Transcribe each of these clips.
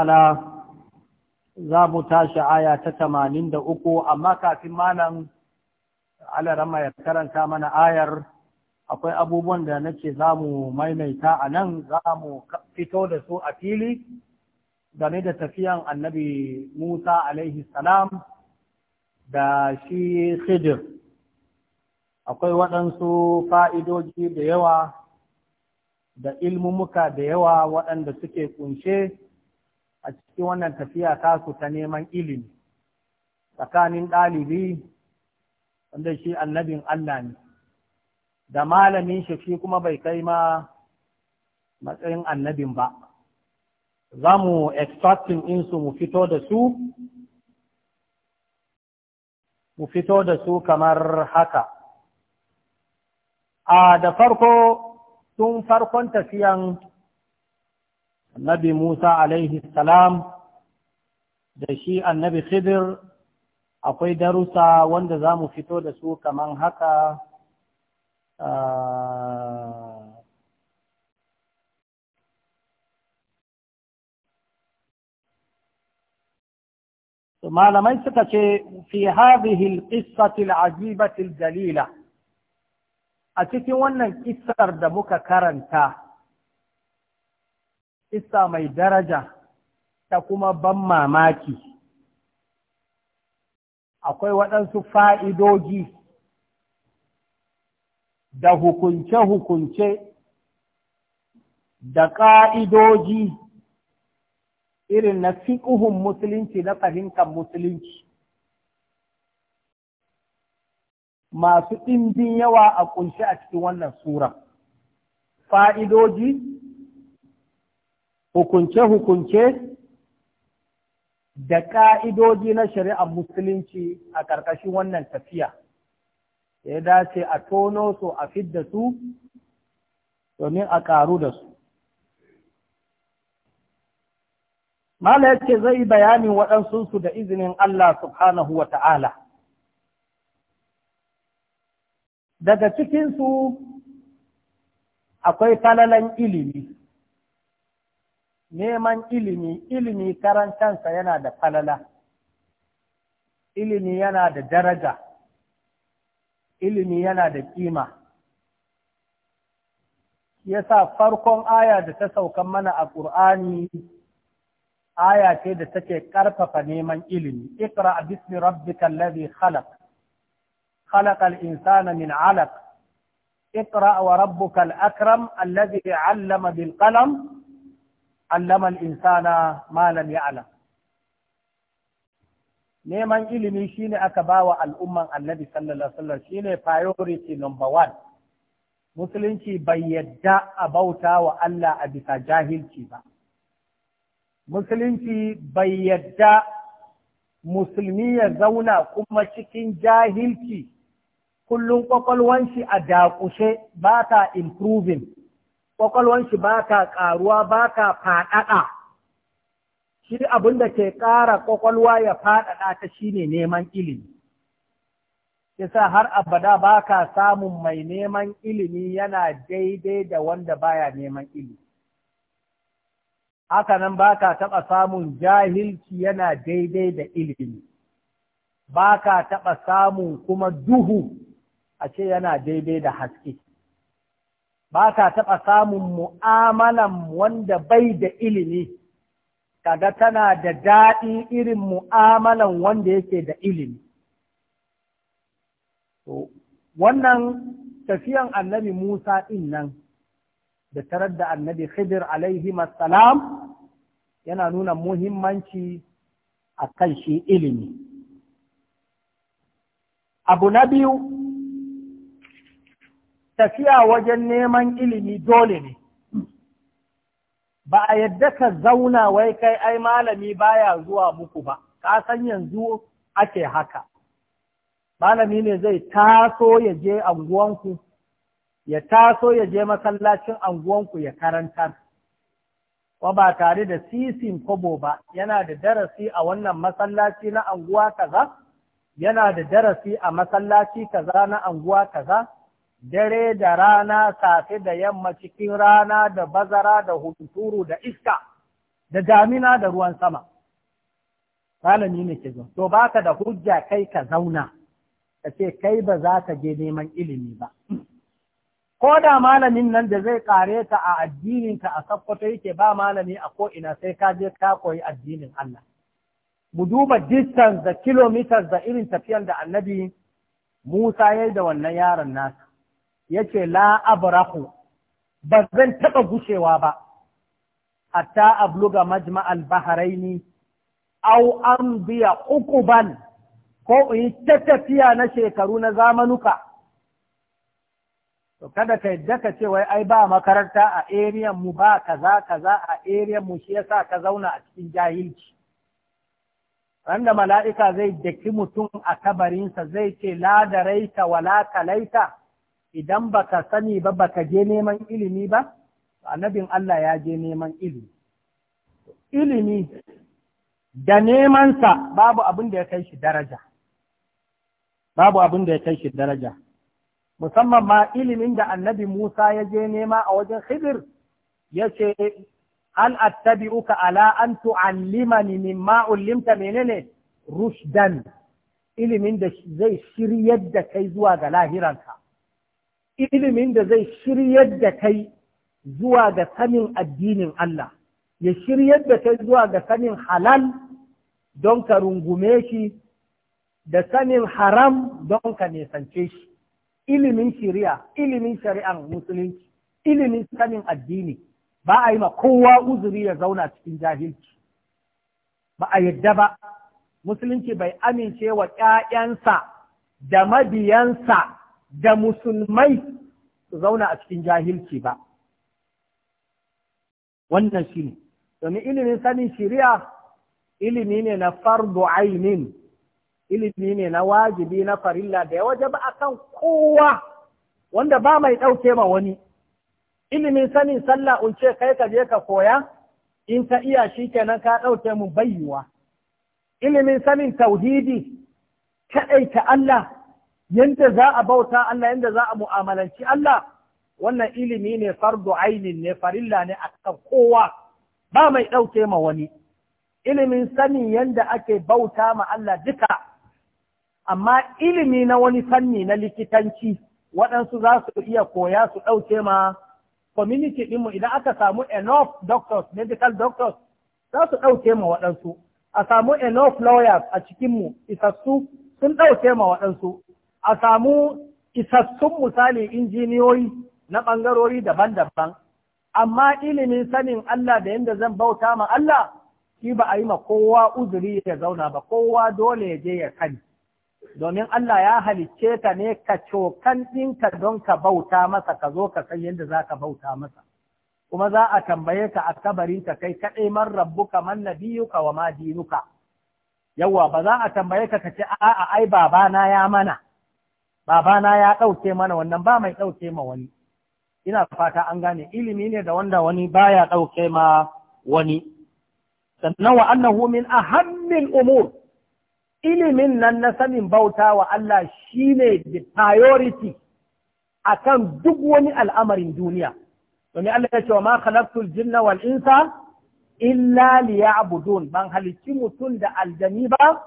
ta'ala za mu tashi aya ta tamanin da uku amma kafin malam alarama ya karanta mana ayar akwai abubuwan da nake za mu maimaita a nan za mu fito da su a fili game da tafiyan annabi Musa alaihi salam da shi Khidir. Akwai waɗansu fa'idoji da yawa da ilmumuka da yawa waɗanda suke kunshe a cikin wannan tafiya tasu ta neman ilimi tsakanin ɗalibi wanda shi annabin Allah ne da malamin shi shi kuma bai kai ma matsayin annabin ba za mu extracting insu mu fito da su mu fito da su kamar haka a da farko tun farkon tafiyan annabi Musa alaihi salam da shi annabi Khidir akwai darussa wanda za mu fito da su kaman haka malamai suka ce fi hadhihi al-qissati al dalila a cikin wannan kissar da muka karanta isa mai daraja ta kuma ban mamaki akwai waɗansu fa'idoji da hukunce-hukunce da ƙa'idoji irin na fiƙuhun musulunci na fahimtar musulunci masu ɗimbin yawa a ƙunshi a cikin wannan sura fa'idoji hukunce-hukunce da ƙa'idoji na shari'ar musulunci a ƙarƙashin wannan tafiya, ya dace a tono su a fidda su domin a ƙaru da su. Mala ya ce zai yi waɗansu su da izinin Allah subhanahu wa ta'ala. Daga cikinsu akwai falalan ilimi. neman ilimi ilimi karan kansa yana da falala ilimi yana da daraja ilimi yana da kima yasa farkon aya da ta sauka mana a ƙur'ani aya ce da take ƙarfafa neman ilimi ikra bismi rabbika allazi khalaq خلق الإنسان من علق اقرأ وربك الأكرم الذي علم بالقلم allama insana Malam ya ya'lam neman ilimi shine aka bawa al'umman annabi sallallahu alaihi wasallam ne priority number one musulunci bai yadda a bauta wa Allah a bisa jahilci ba musulunci bai yadda musulmi ya zauna kuma cikin jahilci kullum kwakwalwan shi a dakushe ba ta improving ƙwaƙwalwan ba ta ƙaruwa ba ta faɗaɗa shi abin da ke ƙara ƙwaƙwalwa ya faɗaɗa ta shi ne neman ilimi Kisa har abada ba ka samun mai neman ilimi yana daidai da wanda baya neman ilimi haka nan ba ka taɓa samun jahilci yana daidai da ilimi ba ka taɓa samun kuma duhu a ce yana daidai da haske ba ta taɓa samun mu'amalan wanda bai da ilimi kaga tana da daɗin irin mu'amalan wanda yake da ilimi to wannan tafiyan annabi musa ɗin nan da tarar da annabi khidir alaihi salam yana nuna muhimmanci a kan shi ilimi abu na biyu tafiya wajen neman ilimi dole ne ba a yadda ka zauna wai kai ai malami baya zuwa muku ba ka san yanzu ake haka malami ne zai taso ya je anguwanku ya taso ya je masallacin anguwanku ya karantar wa ba tare da sisin kobo ba yana da darasi a wannan masallaci na anguwa kaza yana da darasi a masallaci kaza na anguwa kaza dare da rana safe da yamma cikin rana da bazara da hunturu da iska da damina da ruwan sama malami ne ke zo to baka da hujja kai ka zauna ka ce kai ba za ka je neman ilimi ba ko da malamin nan da zai kare ka a addininka a sakkwato yake ba malami a ko'ina sai ka je ka koyi addinin Allah mu duba distance da kilometers da irin tafiyar da annabi Musa ya da wannan yaron nasa yace la abrahu ba zan taɓa gushewa ba hatta abluga majma'al bahraini au an biya ukuban ko in ta tafiya na shekaru na zamanuka to kada ka yadda ka ce wai ai ba makaranta a eriyan mu ba kaza kaza a eriyan mu shi yasa ka zauna a cikin jahilci Randa mala'ika zai daki mutum a kabarinsa zai ce la da raita wala kalaita idan baka sani ba baka je neman ilimi ba annabin Allah ya je neman ilimi ilimi da nemansa babu abin da ya kai shi daraja babu abin da ya kai shi daraja musamman ma ilimin da annabi Musa ya je nema a wajen Khidir ya ce hal attabi'uka ala an tu'allimani mimma ullimta menene rushdan ilimin da zai shiryar da kai zuwa ga lahiranka ilimin da zai shiryar da kai zuwa ga sanin addinin Allah ya shiryar da kai zuwa ga sanin halal don ka rungume shi da sanin haram don ka nesance shi ilimin shari'a ilimin shari'ar musulunci ilimin sanin addini ba a yi ma kowa uzuri ya zauna cikin jahilci ba a yadda ba musulunci bai amince wa 'ya'yansa da mabiyansa da musulmai su zauna a cikin jahilci ba. Wannan shi ne, domin ilimin sanin shiriya ilimi ne na fardu ainin, ilimi ne na wajibi na farilla da ya waje ba a kan kowa wanda ba mai ɗauke ma wani. Ilimin sanin sallah unce kai ka je ka koya, in ka iya shi kenan ka ɗauke mu bayyuwa. Ilimin sanin tauhidi, kaɗai ta Allah, yanda za a bauta Allah yanda za a mu'amalanci Allah wannan ilimi ne fardu ainin ne farilla ne a kan kowa ba mai ɗauke ma wani ilimin sani yanda ake bauta ma Allah duka amma ilimi na wani fanni na likitanci waɗansu za su iya koya su ɗauke ma community ɗinmu idan aka samu enough doctors medical doctors za su ɗauke ma waɗansu a samu enough lawyers a cikinmu isassu sun ɗauke ma waɗansu a samu isassun misali injiniyoyi na ɓangarori daban-daban, amma ilimin sanin Allah da yadda zan bauta ma Allah, shi ba a yi ma kowa uzuri ya zauna ba, kowa dole ya je ya kani. Domin Allah ya halicce ka ne ka cokan ɗinka don ka bauta masa, ka zo ka san yadda za ka bauta masa. Kuma za a tambaye ka a kai kaɗai man rabbuka man nabiyuka wa ma dinuka. Yawwa ba za a tambaye ka ka ce a'a ai babana ya mana. babana ya ɗauke mana wannan ba mai ɗauke ma wani ina fata an gane ilimi ne da wanda wani baya ɗauke ma wani sannan wa annahu min ahammil umur ilimin nan na sanin bauta wa Allah shine the priority akan duk wani al'amarin duniya domin Allah ya ce wa ma khalaqtul jinna wal insa illa liya'budun ban halicci mutum da aljani ba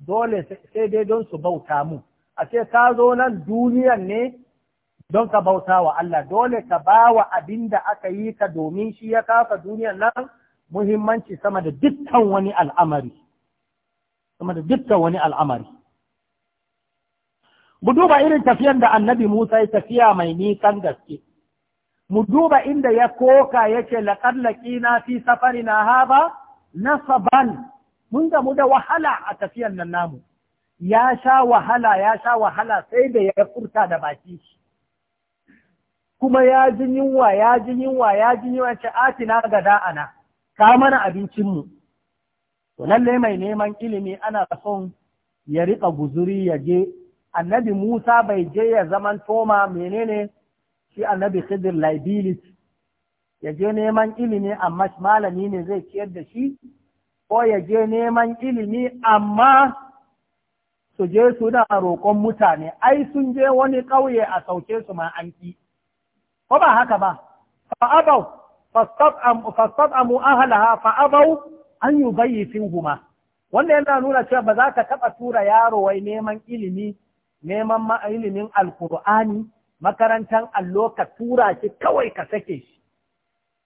dole sai dai don su bauta mu a ce ka zo nan duniyan ne don ka bauta wa Allah dole ka ba wa abin da aka yi ka domin shi ya kafa duniyan nan muhimmanci sama da dukkan wani al'amari sama da dukkan wani al'amari mu duba irin tafiyar da annabi Musa ya tafiya mai nisan gaske mu duba inda ya koka yake laqad na fi safarina haba nasaban mun mu da wahala a tafiyar nan namu ya sha wahala ya sha wahala sai da ya furta da baki shi kuma ya ji yunwa ya ji yunwa ya ji yunwa ce atina ga da'ana ka mana abincinmu to lalle mai neman ilimi ana son ya riƙa guzuri ya je annabi Musa bai je ya zaman toma menene shi annabi khidr liability ya je neman ilimi amma malami ne zai ciyar da shi ko ya je neman ilimi amma su je suna roƙon mutane, ai sun je wani ƙauye a sauke su ma an ƙi, ko ba haka ba, fa'abau, fastaɓamu ahalaha fa'abau an yi bayi fin guma. Wanda yana nuna cewa ba za ka taɓa tura yaro wai neman ilimi, neman ilimin alkur'ani, makarantar allo ka tura shi kawai ka sake shi,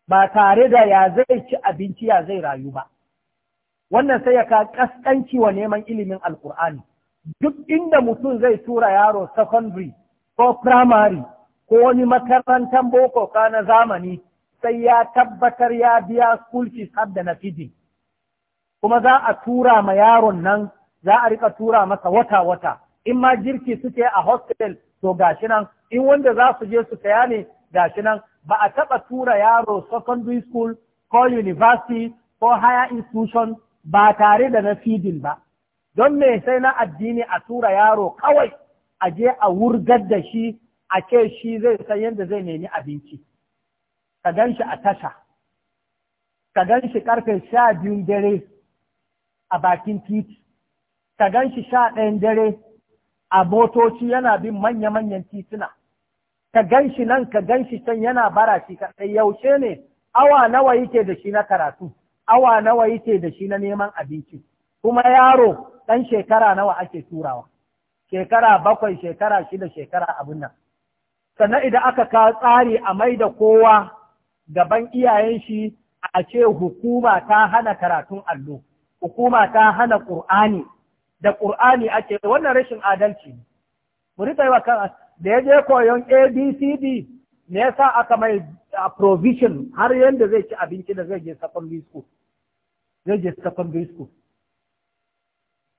ba tare da ya zai ci abinci ya zai rayu ba. Wannan sai ya ka ƙasƙanci wa neman ilimin alkur'ani. duk inda mutum zai tura yaro secondary ko primary ko wani makarantar boko ka na zamani sai ya tabbatar ya biya school fees har da na feeding kuma za a tura ma yaron nan za a rika tura masa wata-wata in ma girki suke a hostel to gashi nan in wanda za su je su saya ne gashi nan ba a taɓa tura yaro secondary school ko university ko higher institution ba tare da na feeding ba don me sai na addini a tura yaro kawai a je a wurgar da shi a ce shi zai san yadda zai nemi abinci ka gan shi a tasha ka gan shi karfe sha biyun dare a bakin titi ka gan shi sha ɗayan dare a motoci yana bin manya-manyan tituna ka gan shi nan ka gan shi can yana bara shi kaɗai yaushe ne awa nawa yake da shi na karatu awa nawa yake da shi na neman abinci kuma yaro ɗan shekara nawa ake turawa, shekara bakwai, shekara shida, shekara abin nan. Sannan idan aka ka tsari a mai da kowa gaban iyayen shi a ce hukuma ta hana karatun allo, hukuma ta hana ƙur'ani, da ƙur'ani ake wannan rashin adalci ne. Mu wa kan da ya je koyon ABCD me yasa aka mai provision har yadda zai ci abinci da zai je secondary school. Zai je secondary school.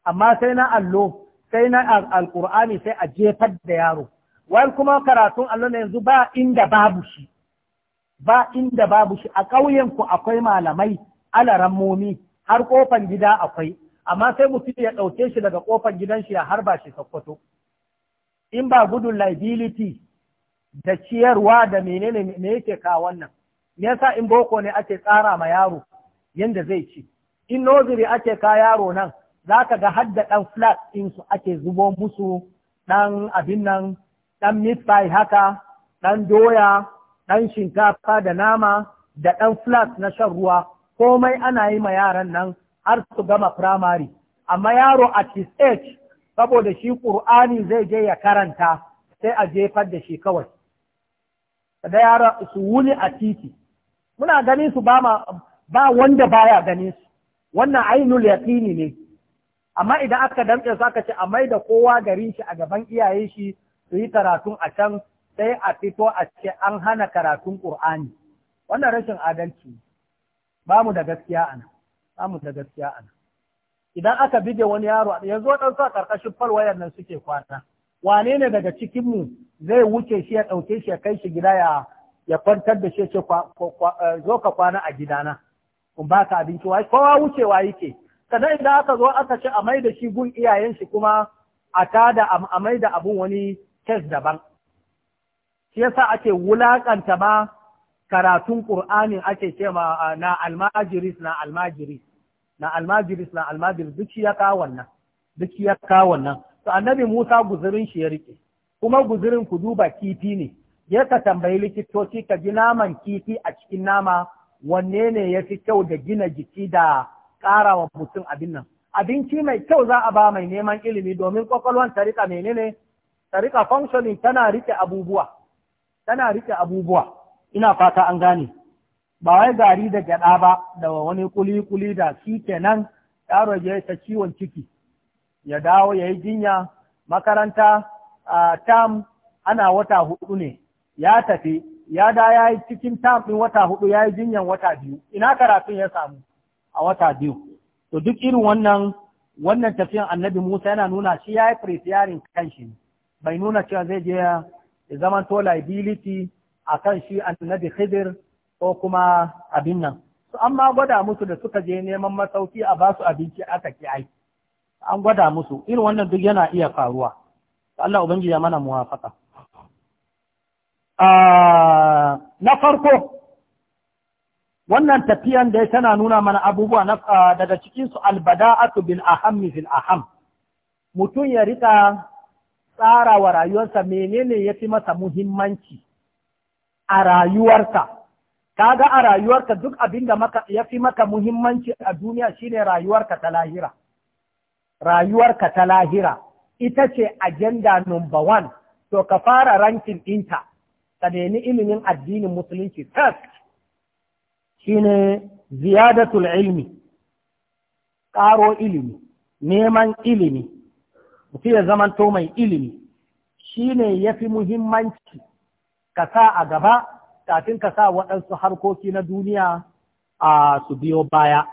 amma sai na allo sai na alkur'ani sai a jefar da yaro wai kuma karatun allo na yanzu ba inda babu shi ba inda babu shi a ƙauyen ku akwai malamai alarammomi har kofan gida akwai amma sai mutum ya ɗauke shi daga kofan gidan shi ya harba shi sakkwato in ba gudun liability da ciyarwa da menene me yake ka wannan me yasa in boko ne ake tsara ma yaro yanda zai ci in noziri ake ka yaro nan za ka ga hadda ɗan flat su ake zubo musu ɗan abin nan ɗan meat pie haka ɗan doya ɗan shinkafa da nama da ɗan flat na shan ruwa komai ana yi ma yaran nan har su gama firamare amma yaro at his age saboda shi ƙur'ani zai je ya karanta sai a jefar da shi kawai da yara su wuni a titi muna ganin su ba wanda baya ganin su wannan ainul yaƙini ne amma idan aka damƙe su aka ce a mai da kowa garin shi a gaban iyaye shi su yi karatun a can sai a fito a ce an hana karatun ƙur'ani wannan rashin adalci ba mu da gaskiya ana ba mu da gaskiya ana idan aka bige wani yaro yanzu waɗansu a ƙarƙashin falwayar nan suke kwata. wane ne daga cikinmu zai wuce shi ya ɗauke shi ya kai shi gida ya ya kwantar da shi ce eh, zo ka kwana a gidana in ba ka abinci kowa wucewa yake sannan idan aka zo aka ce a mai da shi gun iyayen shi kuma a tada a mai da abun wani kes daban shi yasa ake wulakanta ma karatun Qur'ani ake cewa ma na almajiris na almajiris na almajiris na almajiris duk shi ya ka wannan duk shi ya ka wannan to annabi Musa guzurin shi ya rike kuma guzurin ku duba kifi ne ya ka tambayi likitoci ka ji naman kifi a cikin nama wanne ne ya fi kyau da gina jiki da ƙara wa mutum abin nan abinci mai kyau za a ba mai neman ilimi domin kwakwalwan tarika menene tarika tana rike abubuwa tana rike abubuwa ina fata an gane ba wai gari da gyada ba da wani kuli kuli da shi kenan yaro ya ta ciwon ciki ya dawo ya yi jinya makaranta a tam ana wata hudu ne ya tafi ya da ya yi cikin tam ɗin wata hudu ya yi jinyan wata biyu ina karatun ya samu a wata biyu to duk irin wannan wannan tafiyan annabi Musa yana nuna shi ya yi firisiyarin kanshi bai nuna cewa zai je ya zama to liability a kan shi annabi Khidir ko kuma abin nan su an ma gwada musu da suka je neman masauki a basu abinci aka ki ai an gwada musu irin wannan duk yana iya faruwa Allah ubangiji ya mana muwafaka ah, na farko wannan tafiyan da tana nuna mana abubuwa na ah, daga cikin cikinsu albada'atu bil ahammi fil aham mutum ya rika tsara wa rayuwarsa menene ya fi masa muhimmanci a rayuwarsa kaga a rayuwarka duk abinda maka ya fi maka muhimmanci a duniya shine rayuwarka ta lahira rayuwarka ta lahira ita ce agenda number one to ka fara rankin ɗinta ka nemi ilimin addinin musulunci first shine ziyadatul ilmi ƙaro ilimi neman ilimi mutum ya zamanto mai ilimi shine yafi muhimmanci ka sa a gaba kafin ka sa waɗansu harkoki na duniya a su biyo baya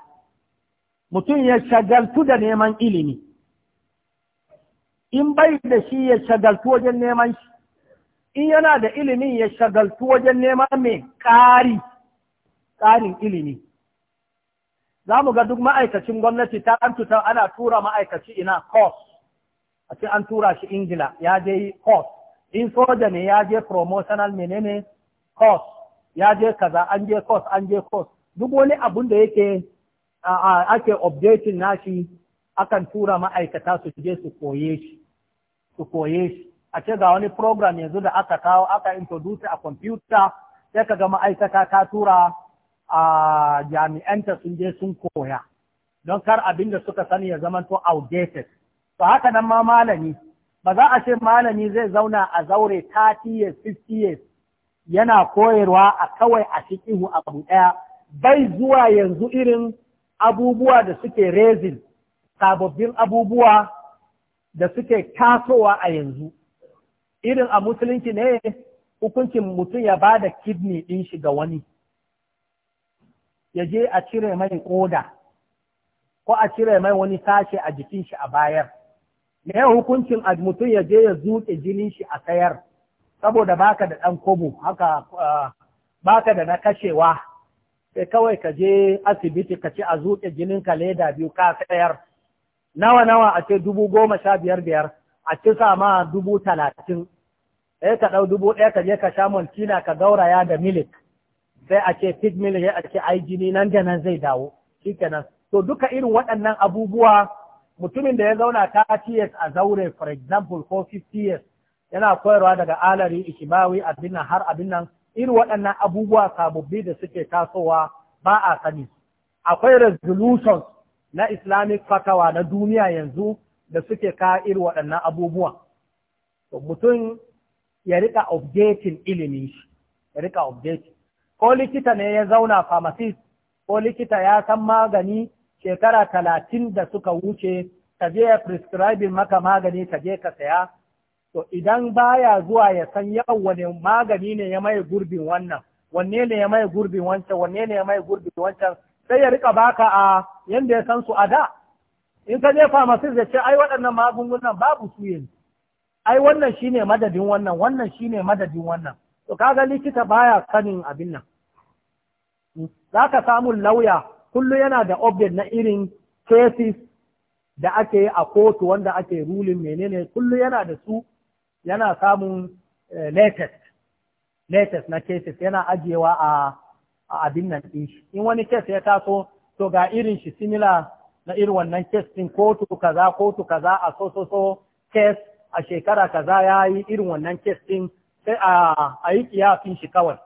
mutum ya shagaltu da neman ilimi in bai da shi ya shagaltu wajen neman shi in yana da ilimin ya shagaltu wajen neman mai ƙari ƙarin ilimi. Za mu ga duk ma'aikacin gwamnati ta an ana tura ma'aikaci ina course, a ce an tura shi Ingila ya je course, in soja ne ya je promotional menene course, ya je kaza an je course an je course, duk wani abun da yake ake updating nashi akan tura ma'aikata su je su koye shi, su koye shi. A ce ga wani program yanzu da aka kawo aka introduce a computer sai ka ga ma'aikata ta tura a jami'anta sun je sun koya don kar abin da suka sani ya zama to outdated to haka nan ma malami ba za a ce malami zai zauna a zaure 30 years 50 years yana koyarwa a kawai a cikin abu ɗaya bai zuwa yanzu irin abubuwa da suke rezin sababbin abubuwa da suke tasowa a yanzu irin a musulunci ne hukuncin mutum ya ba da kidney ɗin shi ga wani ya je a cire mai koda ko a cire mai wani sashe a jikin shi a bayar me hukuncin mutum ya je ya zuke jinin shi a sayar saboda baka da ɗan kobo haka ah, baka da na kashewa sai kawai ka je asibiti ka ce a zuke jinin ka leda biyu ka sayar nawa nawa a ce dubu goma sha biyar biyar a ci sama dubu talatin sai ka ɗau dubu ɗaya ka je ka sha montina ka gauraya da milik sai a ce pigmil sai a ce ai jini nan da nan zai dawo shi kenan to duka irin waɗannan abubuwa mutumin da ya zauna 30 years a zaure for example ko 50 years yana koyarwa daga alari ikimawi, abin nan har abin nan irin waɗannan abubuwa sababbi da suke tasowa ba a sani akwai resolutions na islamic fatawa na duniya yanzu da suke ka irin waɗannan abubuwa mutum ya rika updating ilimin shi ya rika updating ko likita ne ya zauna pharmacist ko likita ya san magani shekara talatin da suka wuce ka je ya prescribe maka magani ka je ka saya to idan baya zuwa ya san yau wani magani ne ya mai gurbin wannan wanne ne ya mai gurbin wancan wanne ne ya mai gurbin wancan sai ya rika baka a yanda ya san su a da in ka je pharmacist ya ce ai waɗannan magungunan babu su yanzu ai wannan shine madadin wannan wannan shine madadin wannan to kaga likita baya sanin abin nan za ka samu lauya kullum yana da update na irin cases da ake yi a kotu wanda ake rulin menene kullum yana da su yana samun eh, latest latest na cases yana ajiyewa a abin nan din shi in wani case ya taso to ga irin shi similar na irin wannan case din kotu kaza kotu kaza a so so so case a shekara kaza ya yi irin wannan case ɗin sai a yi kiyafin shi kawai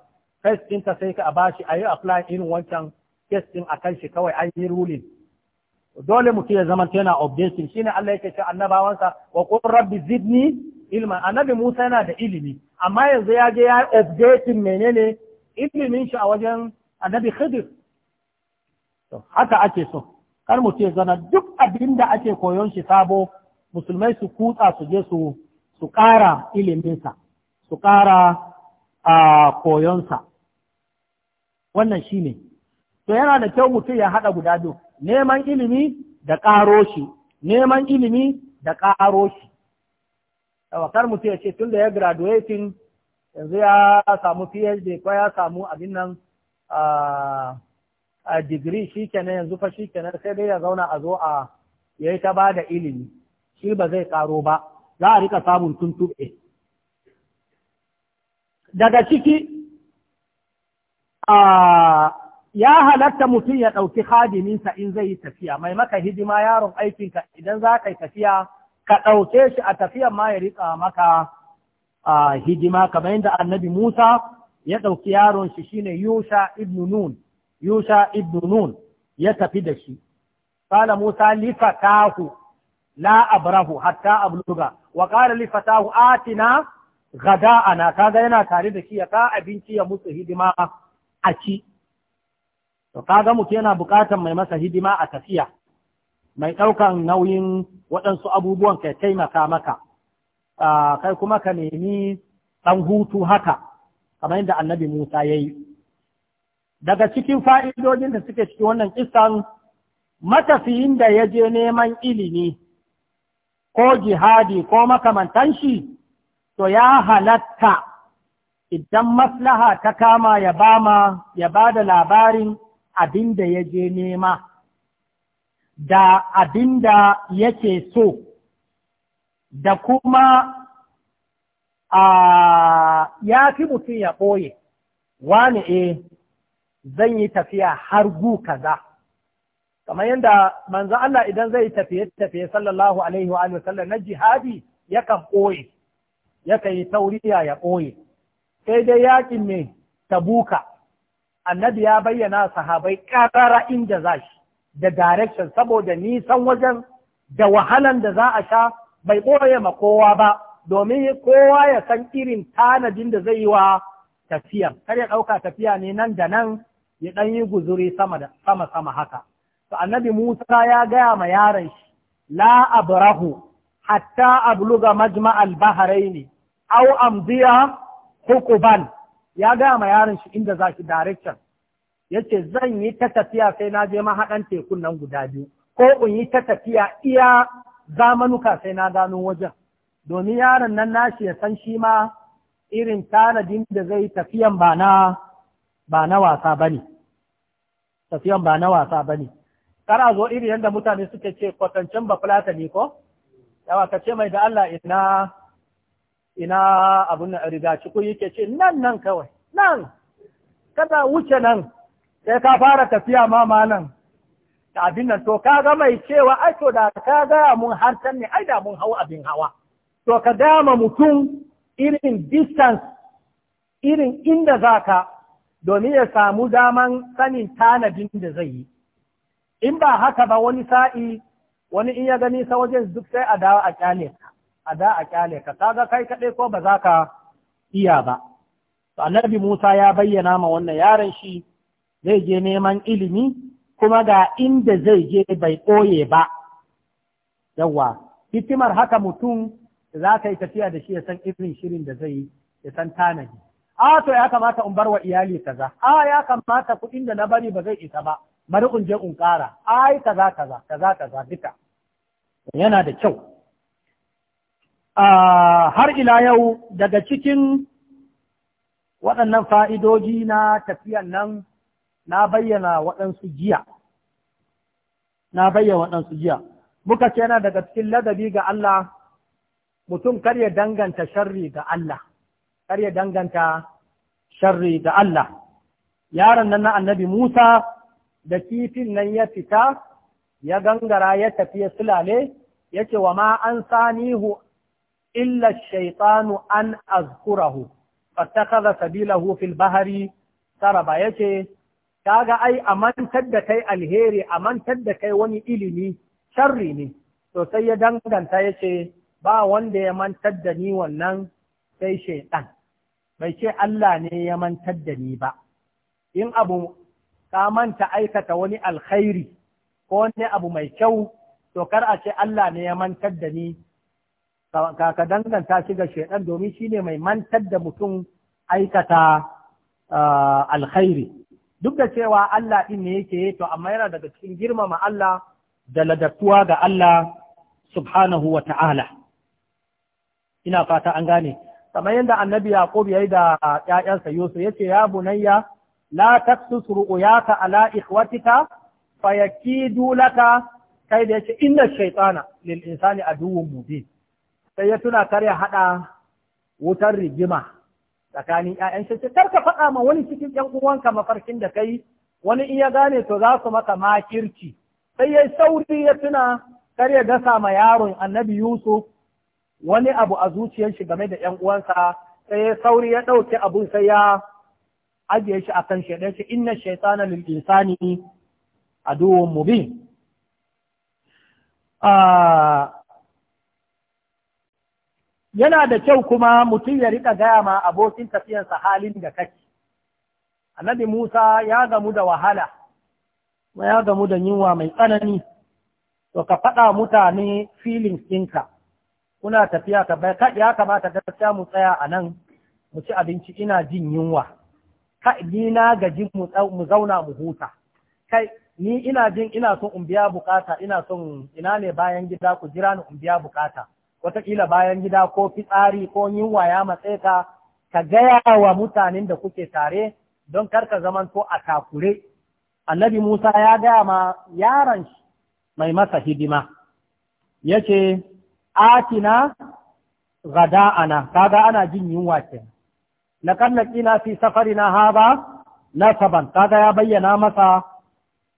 kes ta sai ka ba shi a yi apply irin wancan kes ɗin a kan shi kawai an yi ruling dole mutum ya zama yana Shi ne Allah yake ce annabawansa wa rabbi zidni ilma annabi Musa yana da ilimi amma yanzu ya je ya updating menene ilimin shi a wajen annabi Khidir to haka ake so kar mutum ya zana duk abin da ake koyon shi sabo musulmai su kutsa su je su su ƙara iliminsa su ƙara a koyonsa wannan shi ne to yana da kyau mutum ya haɗa guda biyu neman ilimi da ƙaro shi neman ilimi da ƙaro shi tawakar mutum ya ce tun da ya graduating yanzu ya samu phd ko ya samu abin nan a digiri shi kenan yanzu fa shi kenan sai dai ya zauna a zo a yayi ta ba da ilimi shi ba zai karo ba za a rika samun tuntube daga ciki ya halatta mutum ya ɗauki hadiminsa in zai yi tafiya mai maka hidima yaron aikinka idan za ka yi tafiya ka ɗauke shi a tafiyan ma ya riƙa maka hidima kamar yadda annabi Musa ya ɗauki yaron shi shine Yusha ibn Nun Yusha ibn Nun ya tafi da shi qala Musa li tahu la abrahu hatta abluga wa qala atina gada ana kaga yana tare da shi ya ka abinci ya musu hidima a ci to kaga mutum yana buƙatar mai masa hidima a tafiya mai ɗaukan nauyin waɗansu abubuwan kai taimaka maka kai kuma ka nemi ɗan hutu haka kamar yadda annabi Musa ya yi daga cikin fa'idodin da suke ciki wannan kisan matafiyin da ya je neman ilimi ko jihadi ko makamantan shi to ya halatta idan maslaha ta kama ya bama ya ba da labarin abin da ya je nema da abin da yake so da kuma a ya fi mutum ya ɓoye wani e eh, zan yi tafiya har gu kaza kamar yadda manzo Allah idan zai tafiye tafiye sallallahu alaihi wa sallam na jihadi yakan ɓoye yakan yi tauriya ya ɓoye sai dai yaƙin mai tabuka annabi ya bayyana sahabai ƙarara inda za shi da direction saboda nisan wajen da wahalan da za a sha bai ɓoye ma kowa ba domin kowa ya san irin tanadin da zai yi wa tafiya kar ya ɗauka tafiya ne nan da nan ya ɗan yi guzuri sama sama haka to annabi Musa ya gaya ma yaron shi la abrahu hatta abluga majma'al bahraini au amdiya hukuban ya gaya ma yaron shi inda za shi direction yace zan yi ta tafiya sai na je mahaɗan tekun nan guda biyu ko in yi ta tafiya iya zamanuka sai na gano wajen domin yaron nan nashi ya san shi ma irin tanadin da zai tafiyan ba na ba na wasa bane tafiyan ba na wasa bane kar a zo irin yanda mutane suke ce kwatancin ba fulata ne ko yawa ka ce mai da Allah ina ina abin riga ciku yake ce nan nan kawai nan kada wuce nan sai ka fara tafiya ma nan. ta abin nan to ka ga mai cewa ai to da ka gaya mun harkar ne ai da mun hau abin hawa to ka dama mutum irin distance irin inda za ka domin ya samu daman sanin tanadin da zai yi in ba haka ba wani sa'i wani in ya gani sa wajen duk sai a dawo a kyale ka a da a kyale ka kaga kai kaɗai ko ba za ka iya ba to annabi Musa ya bayyana ma wannan yaron shi zai je neman ilimi kuma ga inda zai je bai ɓoye ba Yawwa, hikimar haka mutum za ka yi tafiya da shi ya san irin shirin da zai ya san tanadi a to ya kamata in bar wa iyali kaza a ya kamata kuɗin da na bari ba zai isa ba bari in je in ƙara ai kaza kaza kaza kaza duka yana da kyau har ila yau daga cikin waɗannan fa'idoji na tafiyan nan na bayyana waɗansu jiya na bayyana waɗansu jiya muka ce yana daga cikin ladabi ga Allah mutum kar ya danganta sharri ga Allah Karye danganta sharri ga Allah yaron nan na annabi Musa da kifin nan ya fita ya gangara ya tafi ya sulale ya ce wa ma an sanihu إلا الشيطان أن أذكره فاتخذ سبيله في البحر سربا ta kaga ai mantar da kai alheri mantar da kai wani ilimi sharri ne to sai ya danganta yace ba wanda ya mantar da ni wannan sai shaiɗan. bai ce Allah ne ya mantar da ni ba in abu ka manta aikata wani alkhairi ko wani abu mai kyau to kar a ce Allah ne ya mantar da ni ka danganta shi ga shaidan domin shi ne mai mantar da mutum aikata ah, alkhairi duk da cewa Allah din ne yake to amma yana daga cikin girmama Allah da ladatuwa ga Allah subhanahu wa ta'ala ina fata an gane kamar yadda annabi yaqub yayi da ƴaƴansa yusuf yace ya bunayya la taksus ru'yaka ala ikhwatika fayakidu laka kai da Ya yace inna shaytana lil insani aduwwun mubin sai ya tuna kar ya haɗa wutar rigima tsakanin ‘ya'yan shi kar ka faɗa ma wani cikin ‘yan uwanka mafarkin da kai wani in ya gane to za su maka makirci sai ya sauri ya tuna kar ya gasa ma yaron annabi Yusuf wani abu a zuciyar shi game da ‘yan uwansa sai ya sauri ya ɗauki abun sai ya ajiye shi a kan shaidan shi inna shaitana lil insani aduwwun mubin ah, yana da kyau kuma mutum ya riƙa gaya ma abokin tafiyansa halin da kake annabi Musa ya gamu da wahala kuma ya gamu da yunwa mai tsanani to ka faɗa mutane feelings ɗinka kuna tafiya ka bai kaɗi ya kamata gaskiya mu tsaya a nan mu ci abinci ina jin yunwa ka ni na gaji mu zauna mu huta kai ni ina jin ina son in biya bukata ina son ina ne bayan gida ku jira ni in biya bukata wataƙila bayan gida ko fitsari ko yunwa ya matse ka ka gaya wa mutanen da kuke tare don karka zaman to a takure annabi musa ya gaya ma yaron shi mai masa hidima ya ce atina ana, kaga ana jin yunwa ke laƙar laƙina fi na haba na saban kaga ya bayyana masa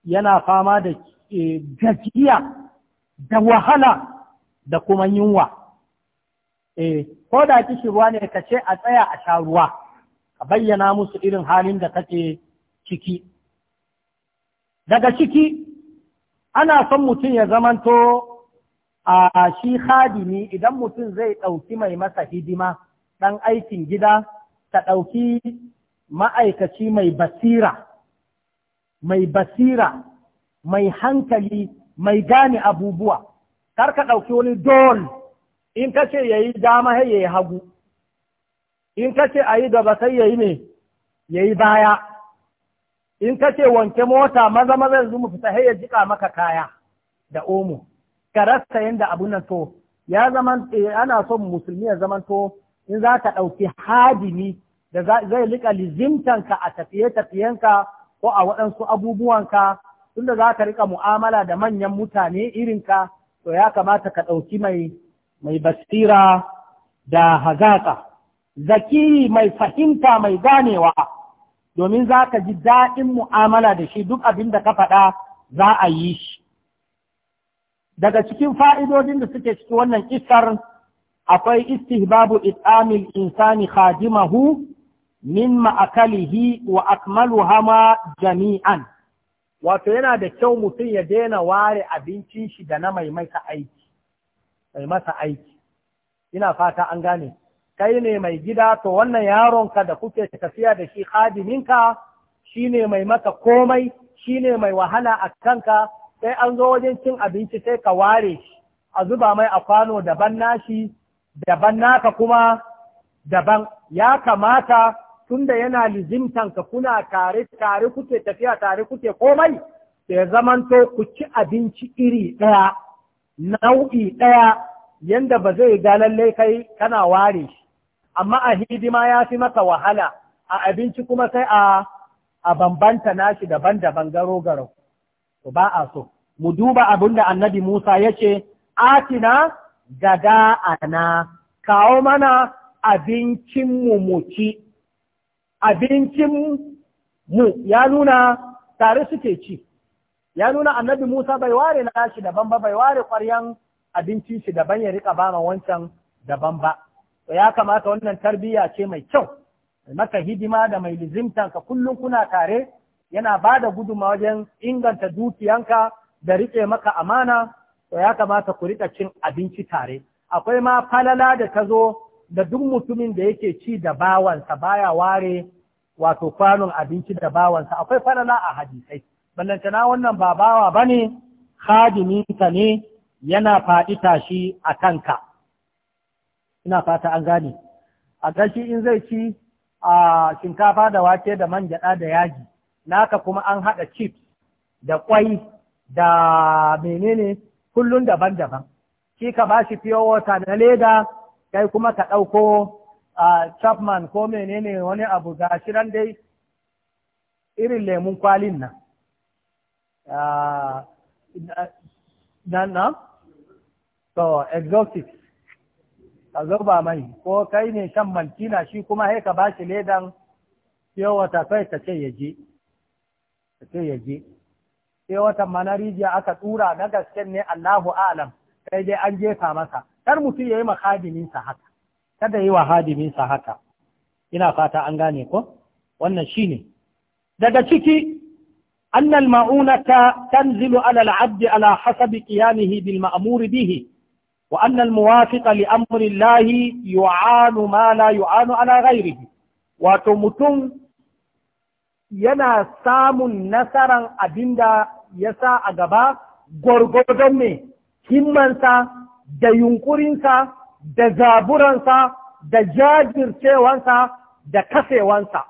yana fama da eh, gajiya da wahala da kuma yunwa eh ko da kishi ruwa ne ka ce a tsaya a sha ruwa ka bayyana musu irin halin da kake ciki daga ciki ana son mutum ya zamanto a shi hadimi idan mutum zai ɗauki mai masa hidima ɗan aikin gida ta ɗauki ma'aikaci mai basira mai basira mai hankali mai gane abubuwa kar ka ɗauki wani dole in ka ce ya yi dama sai ya yi hagu in ka ce a yi gaba sai ya yi ne ya yi baya in ka ce wanke mota maza maza yanzu mu fita sai ya jika maka kaya da omo ka rasa yadda abun nan to ya zaman eh, ana son musulmi ya zaman to in za ka ɗauki hadimi da zai liƙa lizimtanka a tafiye-tafiyenka ko a waɗansu abubuwanka tunda za ka riƙa mu'amala da manyan mutane irinka to ya kamata ka ɗauki mai basira da hazaƙa zaki mai fahimta mai ganewa domin za ka ji daɗin mu'amala da shi duk abin da ka faɗa za a yi shi daga cikin fa'idodin da suke ciki wannan isar akwai istihbabu it'amil insani khadimahu min ma'akalihi wa akmalu hama jami'an wato yana da kyau mutum ya daina ware abincin shi da na mai aiki mai masa aiki ina fata an gane kai ne mai gida to wannan yaronka da kuke tafiya da shi shi shine mai maka komai shine mai wahala a kanka sai an zo wajen cin abinci sai ka ware shi a zuba mai a kwano daban nashi daban naka kuma daban ya kamata tunda yana lizimtan ka kuna tare tare kuke tafiya tare kuke komai da zamanto ku ci abinci iri ɗaya nau'i ɗaya yanda ba zai ga lallai kai kana ware shi amma a hidima ya fi maka wahala a abinci kuma sai a a bambanta nashi daban-daban garo-garo to ba a so mu duba abin da annabi Musa ya ce atina gada'ana kawo mana abincin mu mu ci abincin mu ya nuna tare suke ci ya nuna annabi Musa bai ware na shi daban ba bai ware ƙwaryan abincin shi daban ya rika ba wancan daban ba to ya kamata wannan tarbiyya ce mai kyau maka hidima da mai lizimta ka kullum kuna tare yana ba da guduma wajen inganta dukiyanka da riƙe maka amana to ya kamata ku rika cin abinci tare akwai ma falala da ta zo da duk mutumin da yake ci da bawansa baya ware wato kwanon abinci da bawansa akwai falala a hadisai ballantana wannan ba bawa bane hadiminka ne yana faɗi tashi a kanka ina fata an gane a gashi in zai ci a shinkafa da wake da man gyaɗa da yaji naka kuma an haɗa chips da kwai da menene kullum daban-daban shi ka bashi fiyo wata na leda kai kuma ka ɗauko a Chapman ko menene wani abu ga shiran dai irin lemun kwalin nan. Nan nan? To, exotic, ka zuba mai, ko kai ne shan mantina shi kuma sai ka ba shi ledan fiye wata kai ka ce ya ka ce yaje. Fiye wata mana rijiya aka tura na gasken ne Allahu alam, kai dai an jefa masa. ɗan mutum ya yi ma hadiminsa haka, kada yi wa hadiminsa haka, ina fata an gane ko? Wannan shi ne, daga ciki, annal ma'unata tanzilu ala al'abdi ala hasabi qiyamihi bil ma'muri bihi wa annal muwafiq li amri llahi yu'anu ma la wato mutum yana samun nasaran abinda ya sa a gaba gurgurdon me himmansa da yunkurinsa da zaburansa da jajircewansa da kasewansa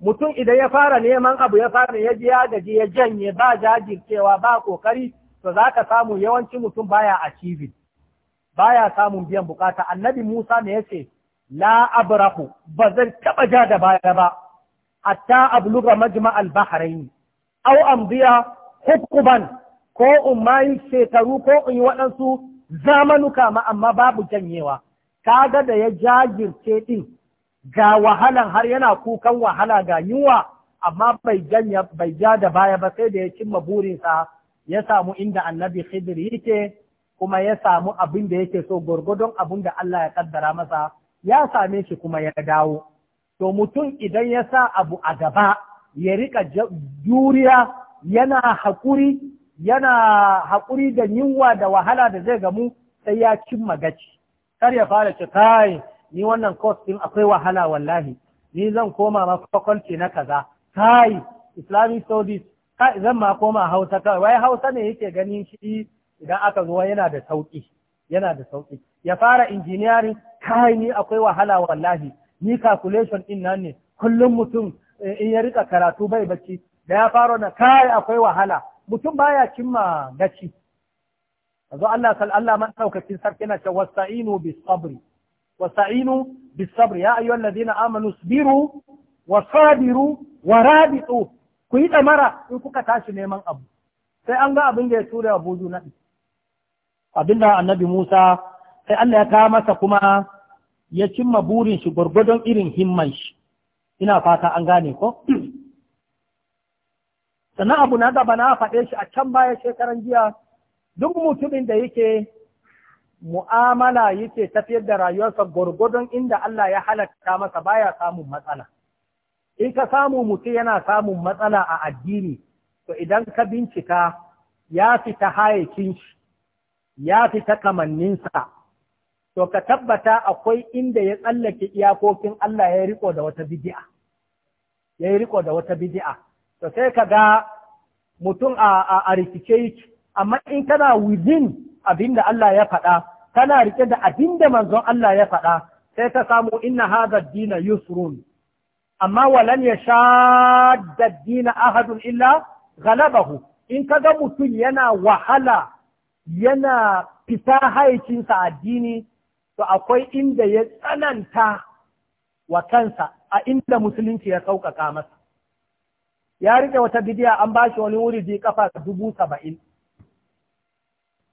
mutum idan ya fara neman abu ya fara ya biya ya gaji ya janye ba jajircewa ba kokari to za ka samu yawanci mutum baya a cibin baya samun biyan bukata annabi musa ne ya ce la abrahu ba zan taɓa ja da baya ba hatta abluga majma'al bahrain Au amdiya hukuban ko in ma yi shekaru ko in yi waɗansu zamanuka ma amma babu janyewa ga da ya jajirce din ga wahalan har yana kukan wahala ga yunwa amma bai janya bai ja da baya ba sai da ya cimma burinsa ya samu inda annabi khidir yake kuma ya samu abin da yake so gwargwadon abin da Allah ya kaddara masa ya same shi kuma ya dawo to mutum idan ya sa abu a gaba ya riƙa juriya yana haƙuri yana haƙuri da yunwa da wahala da zai gamu sai ya cimma gaci kar ya fara ce kai ni wannan kos din akwai wahala wallahi ni zan koma ma faculty na kaza kai islamic studies kai zan ma koma hausa kai wai hausa ne yake ganin shi idan aka zo yana da sauki yana da sauki ya fara injiniyarin, kai ni akwai wahala wallahi ni calculation din nan ne kullum mutum eh, in ya rika karatu bai bacci da ya fara na kai akwai wahala mutum baya cimma gaci azo Allah sal Allah man daukakin sarki yana cewa wasta'inu bis sabri wasta'inu bis sabri ya ayyuhal ladina amanu sabiru wasabiru warabitu ku yi damara in kuka tashi neman abu sai an ga abin da ya tura buzu na abin da annabi Musa sai Allah ya kawo masa kuma ya cimma burin shi don irin himman shi ina fata an gane ko sannan abu na gaba na faɗe shi a can baya shekaran jiya duk mutumin da yake mu'amala yake tafiyar da rayuwarsa gwargwadon inda Allah ya halatta masa baya samun matsala in ka samu mutum yana samun matsala a addini to idan ka bincika ya fita hayakin shi ya fita kamanninsa to ka tabbata akwai inda ya tsallake iyakokin Allah ya riko da wata bid'a ya riko da wata bid'a to sai ka ga mutum a rikice yake amma in kana within abin da Allah ya faɗa kana rike da abin da manzon Allah ya faɗa sai ka samu inna hadha dina yusrun amma walan ya shadda dina ahadun illa galabahu in ka ga mutum yana wahala yana fita haicinsa addini to akwai inda ya tsananta wa kansa a inda musulunci ya sauƙaƙa masa ya rike wata bidiya an ba shi wani wuridi kafa dubu saba'in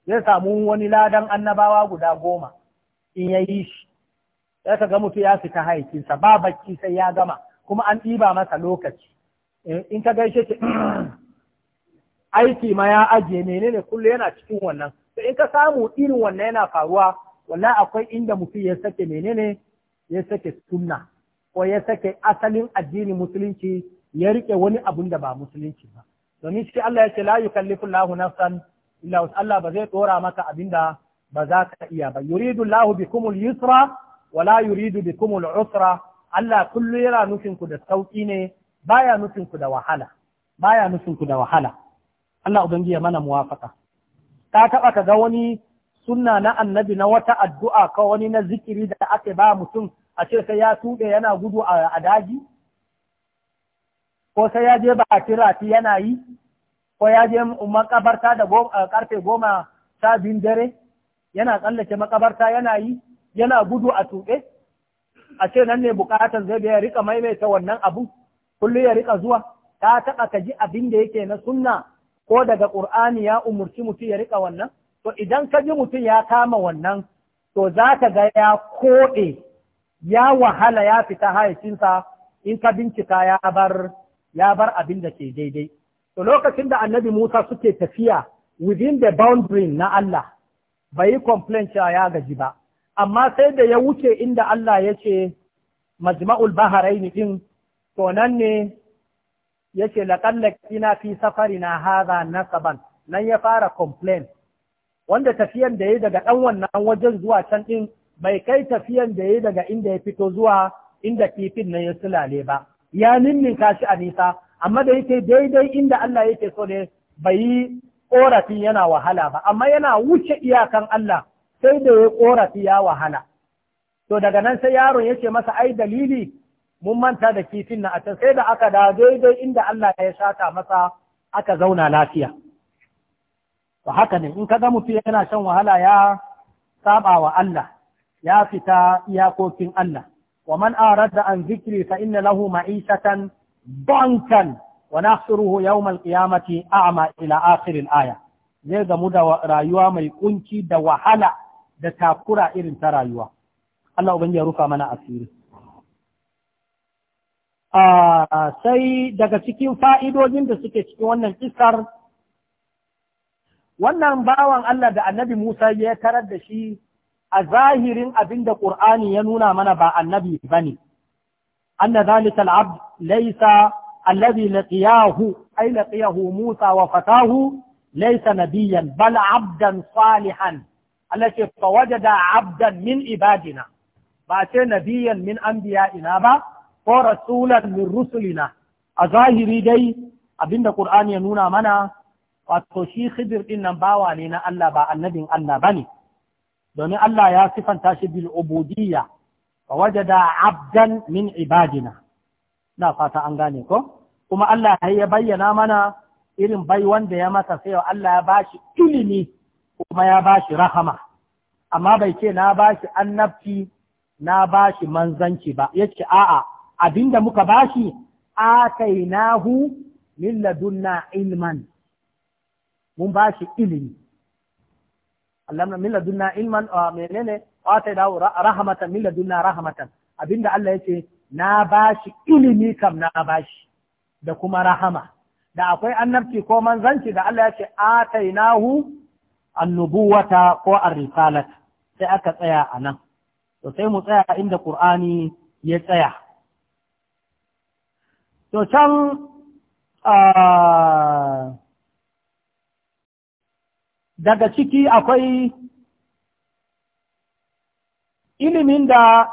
ya samu wani ladan annabawa guda goma in ya yi shi ya ga mutu ya fita haikinsa ba baki sai ya gama kuma an ɗiba masa lokaci eh, in ka gaishe ce aiki ma ya ajiye menene kullum yana cikin wannan to in ka samu irin wannan yana faruwa wallahi akwai inda mutum ya sake menene ya sake sunna ko ya sake asalin addinin musulunci ya riƙe wani abun da ba musulunci ba domin shi Allah ya ce la yukallifu Allahu nafsan illa Allah ba zai dora maka abin da ba za ka iya ba yuridu Allahu bikumul yusra wa la yuridu bikumul usra Allah kullu yana nufin ku da sauki ne baya nufin ku da wahala baya nufin ku da wahala Allah ubangiji ya mana muwafaka ka taba ka ga wani sunna na annabi na wata addu'a ko wani na zikiri da ake ba mutum a ce sai ya tuɗe yana gudu a daji ko sai ya je ba a fi yana yi ko ya je makabarta da eh, karfe goma sha biyun dare yana tsallake makabarta yana yi yana gudu a tuɓe a ce nan ne bukatar zai ya rika maimaita wannan abu kullum ya rika zuwa ta taɓa ka ji abin da yake na sunna ko daga ƙur'ani ya umurci mutum ya rika wannan to idan ka ji mutum ya kama wannan to za ka ga ya koɗe ya wahala ya fita hayacinsa in ka bincika ya bar ya bar abin da ke daidai to lokacin da annabi Musa suke tafiya within the boundary na Allah bai complain cewa ya gaji ba amma sai da ya wuce inda Allah ya ce majma'ul baharain din to nan ne yace laqallak ina fi safari na haza na saban, nan ya fara complain wanda tafiyan da ya daga ɗan wannan wajen zuwa can ɗin bai kai tafiyan da ya daga inda ya fito zuwa inda kifin nan ya sulale ba ya ninninka shi a nisa amma da yake daidai inda Allah yake so ne bai yi ƙorafi yana wahala ba amma yana wuce iyakan Allah sai da ya ƙorafi ya wahala to daga nan sai yaron yake masa ai dalili mun manta da kifin na a can sai da aka da daidai inda Allah ya shata masa aka zauna lafiya to haka ne in ka ga mutum yana shan wahala ya saba wa Allah ya fita iyakokin Allah ومن أعرض عن ذكري فإن له معيشة ضنكا ونحشره يوم القيامة أعمى إلى آخر الآية zai gamu da rayuwa mai ƙunki da wahala da takura irin ta rayuwa. Allah ubangi ya rufa mana asiri. Sai daga cikin fa'idodin da suke cikin wannan kisar, wannan bawan Allah da annabi Musa ya tarar da shi a zahirin abin da Ƙur'ani ya nuna mana ba annabi ba ne, an na zalika al'abd laisa allazi Musa wa fatahu laisa nabiyan bal abdan salihan Allah ce fa wajada abdan min ibadina ba ce nabiyan min ina ba ko rasulan min rusulina a zahiri dai abinda ƙur'ani ya nuna mana wato shi Khidir din nan bawa ne na Allah ba annabin Allah bane domin Allah ya sifanta shi bil ubudiyya fa wajada abdan min ibadina na fata an gane ko kuma Allah ya bayyana mana irin bai wanda ya masa sai Allah ya bashi ilimi kuma ya bashi rahama amma bai ce na bashi annabci na bashi manzanci ba yace a'a abinda muka bashi atainahu min ladunna ilman mun bashi ilimi Allah min ladunna ilman a ah, menene ta da rahmatan min ladunna rahmatan abinda Allah yace na bashi ilimi kam na bashi da kuma rahama da akwai annabci ko manzanci da Allah yace atainahu annubuwata ko a risalat sai aka tsaya a nan. to sai mu tsaya inda Qur'ani ya tsaya to can ah, daga ciki akwai ilimin da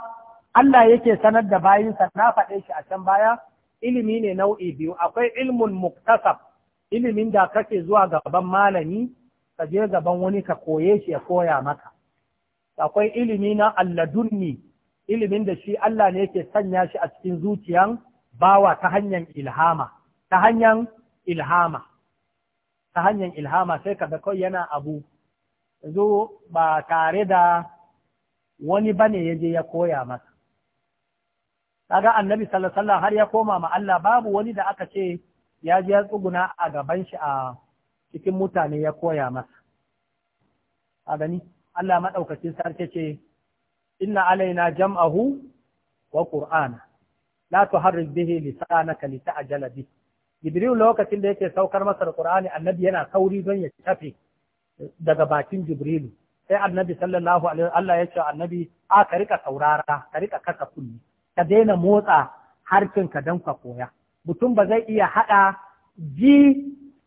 Allah yake sanar da bayinsa na faɗe shi a can baya ilimi ne nau'i biyu akwai ilmun muktasab ilimin da kake zuwa gaban malami ka je gaban wani ka koye shi ya koya maka akwai ilimi na alladunni ilimin da shi Allah ne yake sanya shi a cikin zuciyan bawa ta hanyar ilhama ta hanyar ilhama ta hanyar ilhama sai ka da kawai yana abu zo ba tare da wani bane ya je ya koya masa kaga annabi sallallahu har ya koma ma Allah babu wani da aka ce ya je ya tsuguna a gaban shi a cikin mutane ya koya masa a gani Allah madaukakin sarki ce inna alaina jam'ahu wa qur'ana la tuharrik bihi lisanaka a bihi Jibril lokacin da yake saukar masa da Qur'ani annabi yana sauri don ya tafe daga bakin Jibrilu sai annabi sallallahu alaihi Allah ya ce annabi a ka rika saurara ka rika kasa ka daina motsa harkin ka dan ka koya mutum ba zai iya hada ji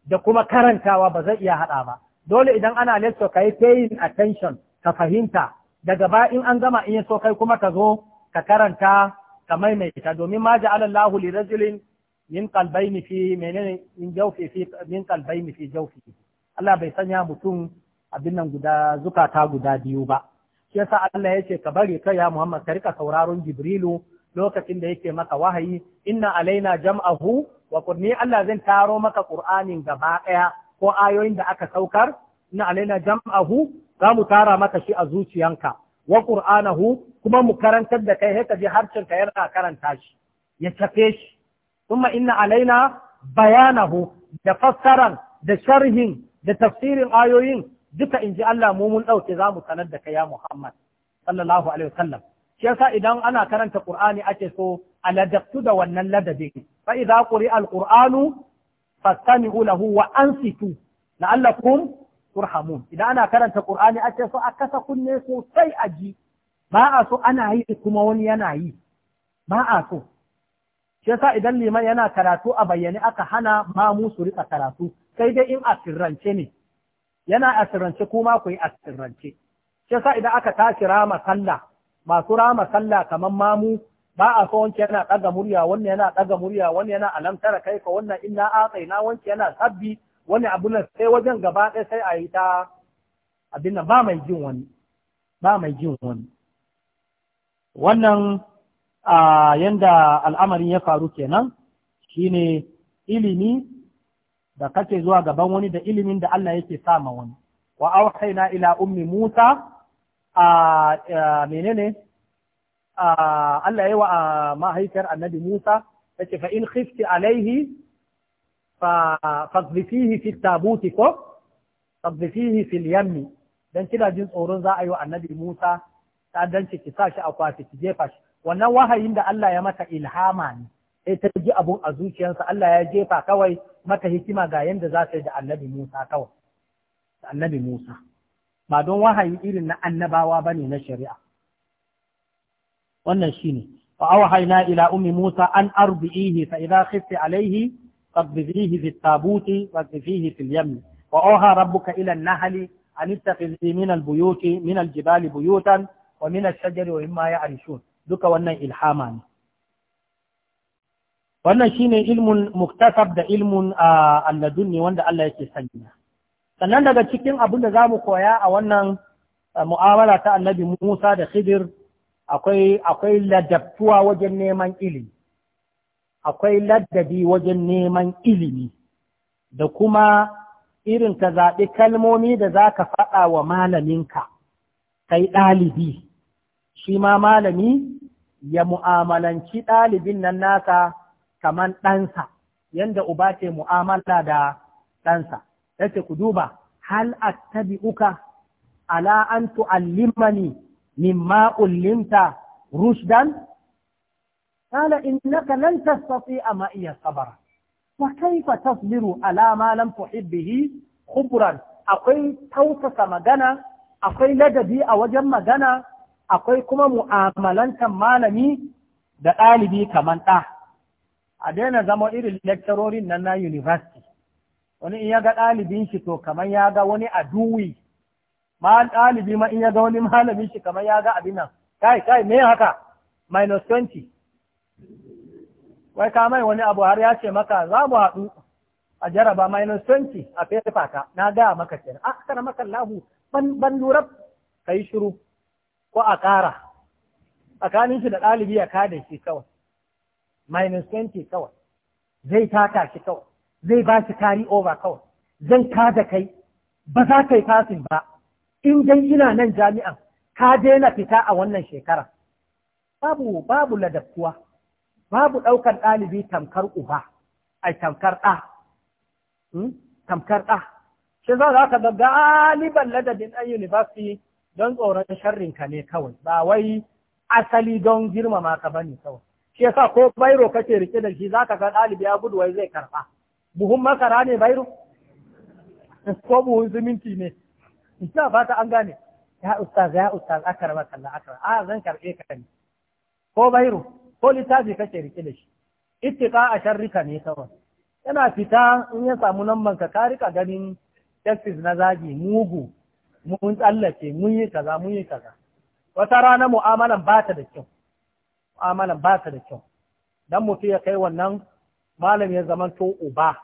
da kuma karantawa ba zai iya hada ba dole idan ana lecture ka yi paying attention ka fahimta daga ba in an gama in so kai kuma ka zo ka karanta ka maimaita domin ma ja'alallahu li rajulin min qalbaini fi menene min jawfi fi min qalbaini fi jawfi Allah bai sanya mutum abin nan guda zukata guda biyu ba shi yasa Allah ce ka bari kai ya Muhammad ka rika sauraron Jibrilu lokacin da yake maka wahayi inna alaina jam'ahu wa qurni Allah zan taro maka Qur'anin gaba daya ko ayoyin da aka saukar inna alaina jam'ahu za mu tara maka shi a zuciyanka wa Qur'anahu kuma mu karantar da kai haka je harshen ka yana karanta shi ya tafe shi kuma inna alaina bayanahu da fassaran da sharhin da tafsirin ayoyin duka in ji Allah mu mun ɗauke za mu sanar da ka ya Muhammad sallallahu alaihi wasallam shi yasa idan ana karanta Qur'ani ake so a ladabtu da wannan ladabi fa kuri quri'a al-Qur'anu fastami'u lahu wa ansitu la'allakum turhamun idan ana karanta Qur'ani ake so a kasa kunne sosai aji. ji ba a so ana yi kuma wani yana yi ba a so shi yasa idan liman yana karatu a bayyane aka hana mamu su rika karatu sai dai in asirrance ne yana asirrance kuma ku yi asirrance shi yasa idan aka tashi rama sallah masu rama sallah kamar mamu ba a so wanke yana daga murya wannan yana daga murya wannan yana alamtara kai ka wannan inna atsai na wanke yana sabbi wani abu na. sai wajen gaba ɗaya sai a yi ta abin nan ba mai jin wani ba mai jin wani wannan a yanda al'amarin ya faru kenan shine ilimi da kake zuwa gaban wani da ilimin da Allah yake sama wani wa na ila ummi Musa a menene Allah yi wa mahaifiyar annabi Musa tace fa in khifti alaihi fa fadhifihi fi tabuti ko fadhifihi fil yammi dan kina jin tsoron za a yi wa annabi Musa ta dan ki sa shi a kwafi ki jefa shi wannan wahayin da Allah ya mata ilhama ne sai ta ji abun a zuciyarsa Allah ya jefa kawai mata hikima ga yanda za ta yi da annabi Musa kawai da annabi Musa ba don wahayi irin na annabawa bane na shari'a wannan shine wa awhayna ila ummi Musa an arbihi fa idha khifti alayhi fadribihi fi at tabuti wa fihi al-yam wa awha rabbuka ila an-nahli an ittakhidhi min al-buyuti min al-jibali buyutan wa min ash-shajari wa mimma ya'rishun duka wannan ilhama ne wannan shine ilmun muktasab da ilmun ne wanda Allah yake sanya sannan daga cikin abin da zamu koya a wannan mu'amala ta annabi Musa da Khidir akwai akwai ladabtuwa wajen neman ilimi akwai ladabi wajen neman ilimi da kuma irin ka zaɓi kalmomi da za ka faɗa wa malaminka kai ɗalibi shi ma malami ya mu'amalanci ɗalibin nan nasa kaman ɗansa, yanda uba ke mu'amala da ɗansa. Yace ku duba, hal attabi'uka ala an tu'allimani mimma ullimta rushdan? Kala innaka lan a ma iya sabara. Wa kaifa tasbiru ala ma lam tuhibbihi khubran. Akwai tausasa magana, akwai ladabi a wajen magana, akwai kuma mu'amalantar malami da ɗalibi kamar ɗa a daina zama irin lecturorin nan na university wani in ya ga ɗalibin shi to kamar ya ga wani duwi. ma ɗalibi ma in ya ga wani malamin shi kamar ya ga abin nan kai kai me haka minus 20 wai ka mai wani abu har ya ce maka za mu haɗu a jaraba minus 20 a fefa ka na gaya maka kenan a ah, kana maka lahu ban lura ka yi shiru ko a ƙara tsakanin shi da ɗalibi ya kada shi kawai minus 20 kawai zai taka shi kawai zai ba shi carry over kawai zan kada kai ba za ka yi fasin ba in dai ina nan jami'an ka daina fita a wannan shekara babu babu ladabtuwa babu ɗaukar ɗalibi tamkar uba ai tamkar ɗa hmm? tamkar ɗa shi za ka ga galiban ladabin ɗan university don tsoron sharrin ka ne kawai ba wai asali don girmama ka bane kawai shi yasa ko bairo kake rike da shi zaka ga dalibi ya gudu wai zai karɓa buhun makara ne bairo ko buhun siminti ne ina fata an gane ya ustaz ya ustaz akara ba kalla akara a zan karɓe ka ne ko bairo ko littafi kake rike da shi ittiqa a sharrika ne kawai yana fita in ya samu lambanka ka ka rika ganin taxis na zagi mugu mun tsallake mun yi kaza mun yi kaza wata rana mu'amalan ba ta da kyau mu'amalan ba ta da kyau dan mutu ya kai wannan malam ya zamanto uba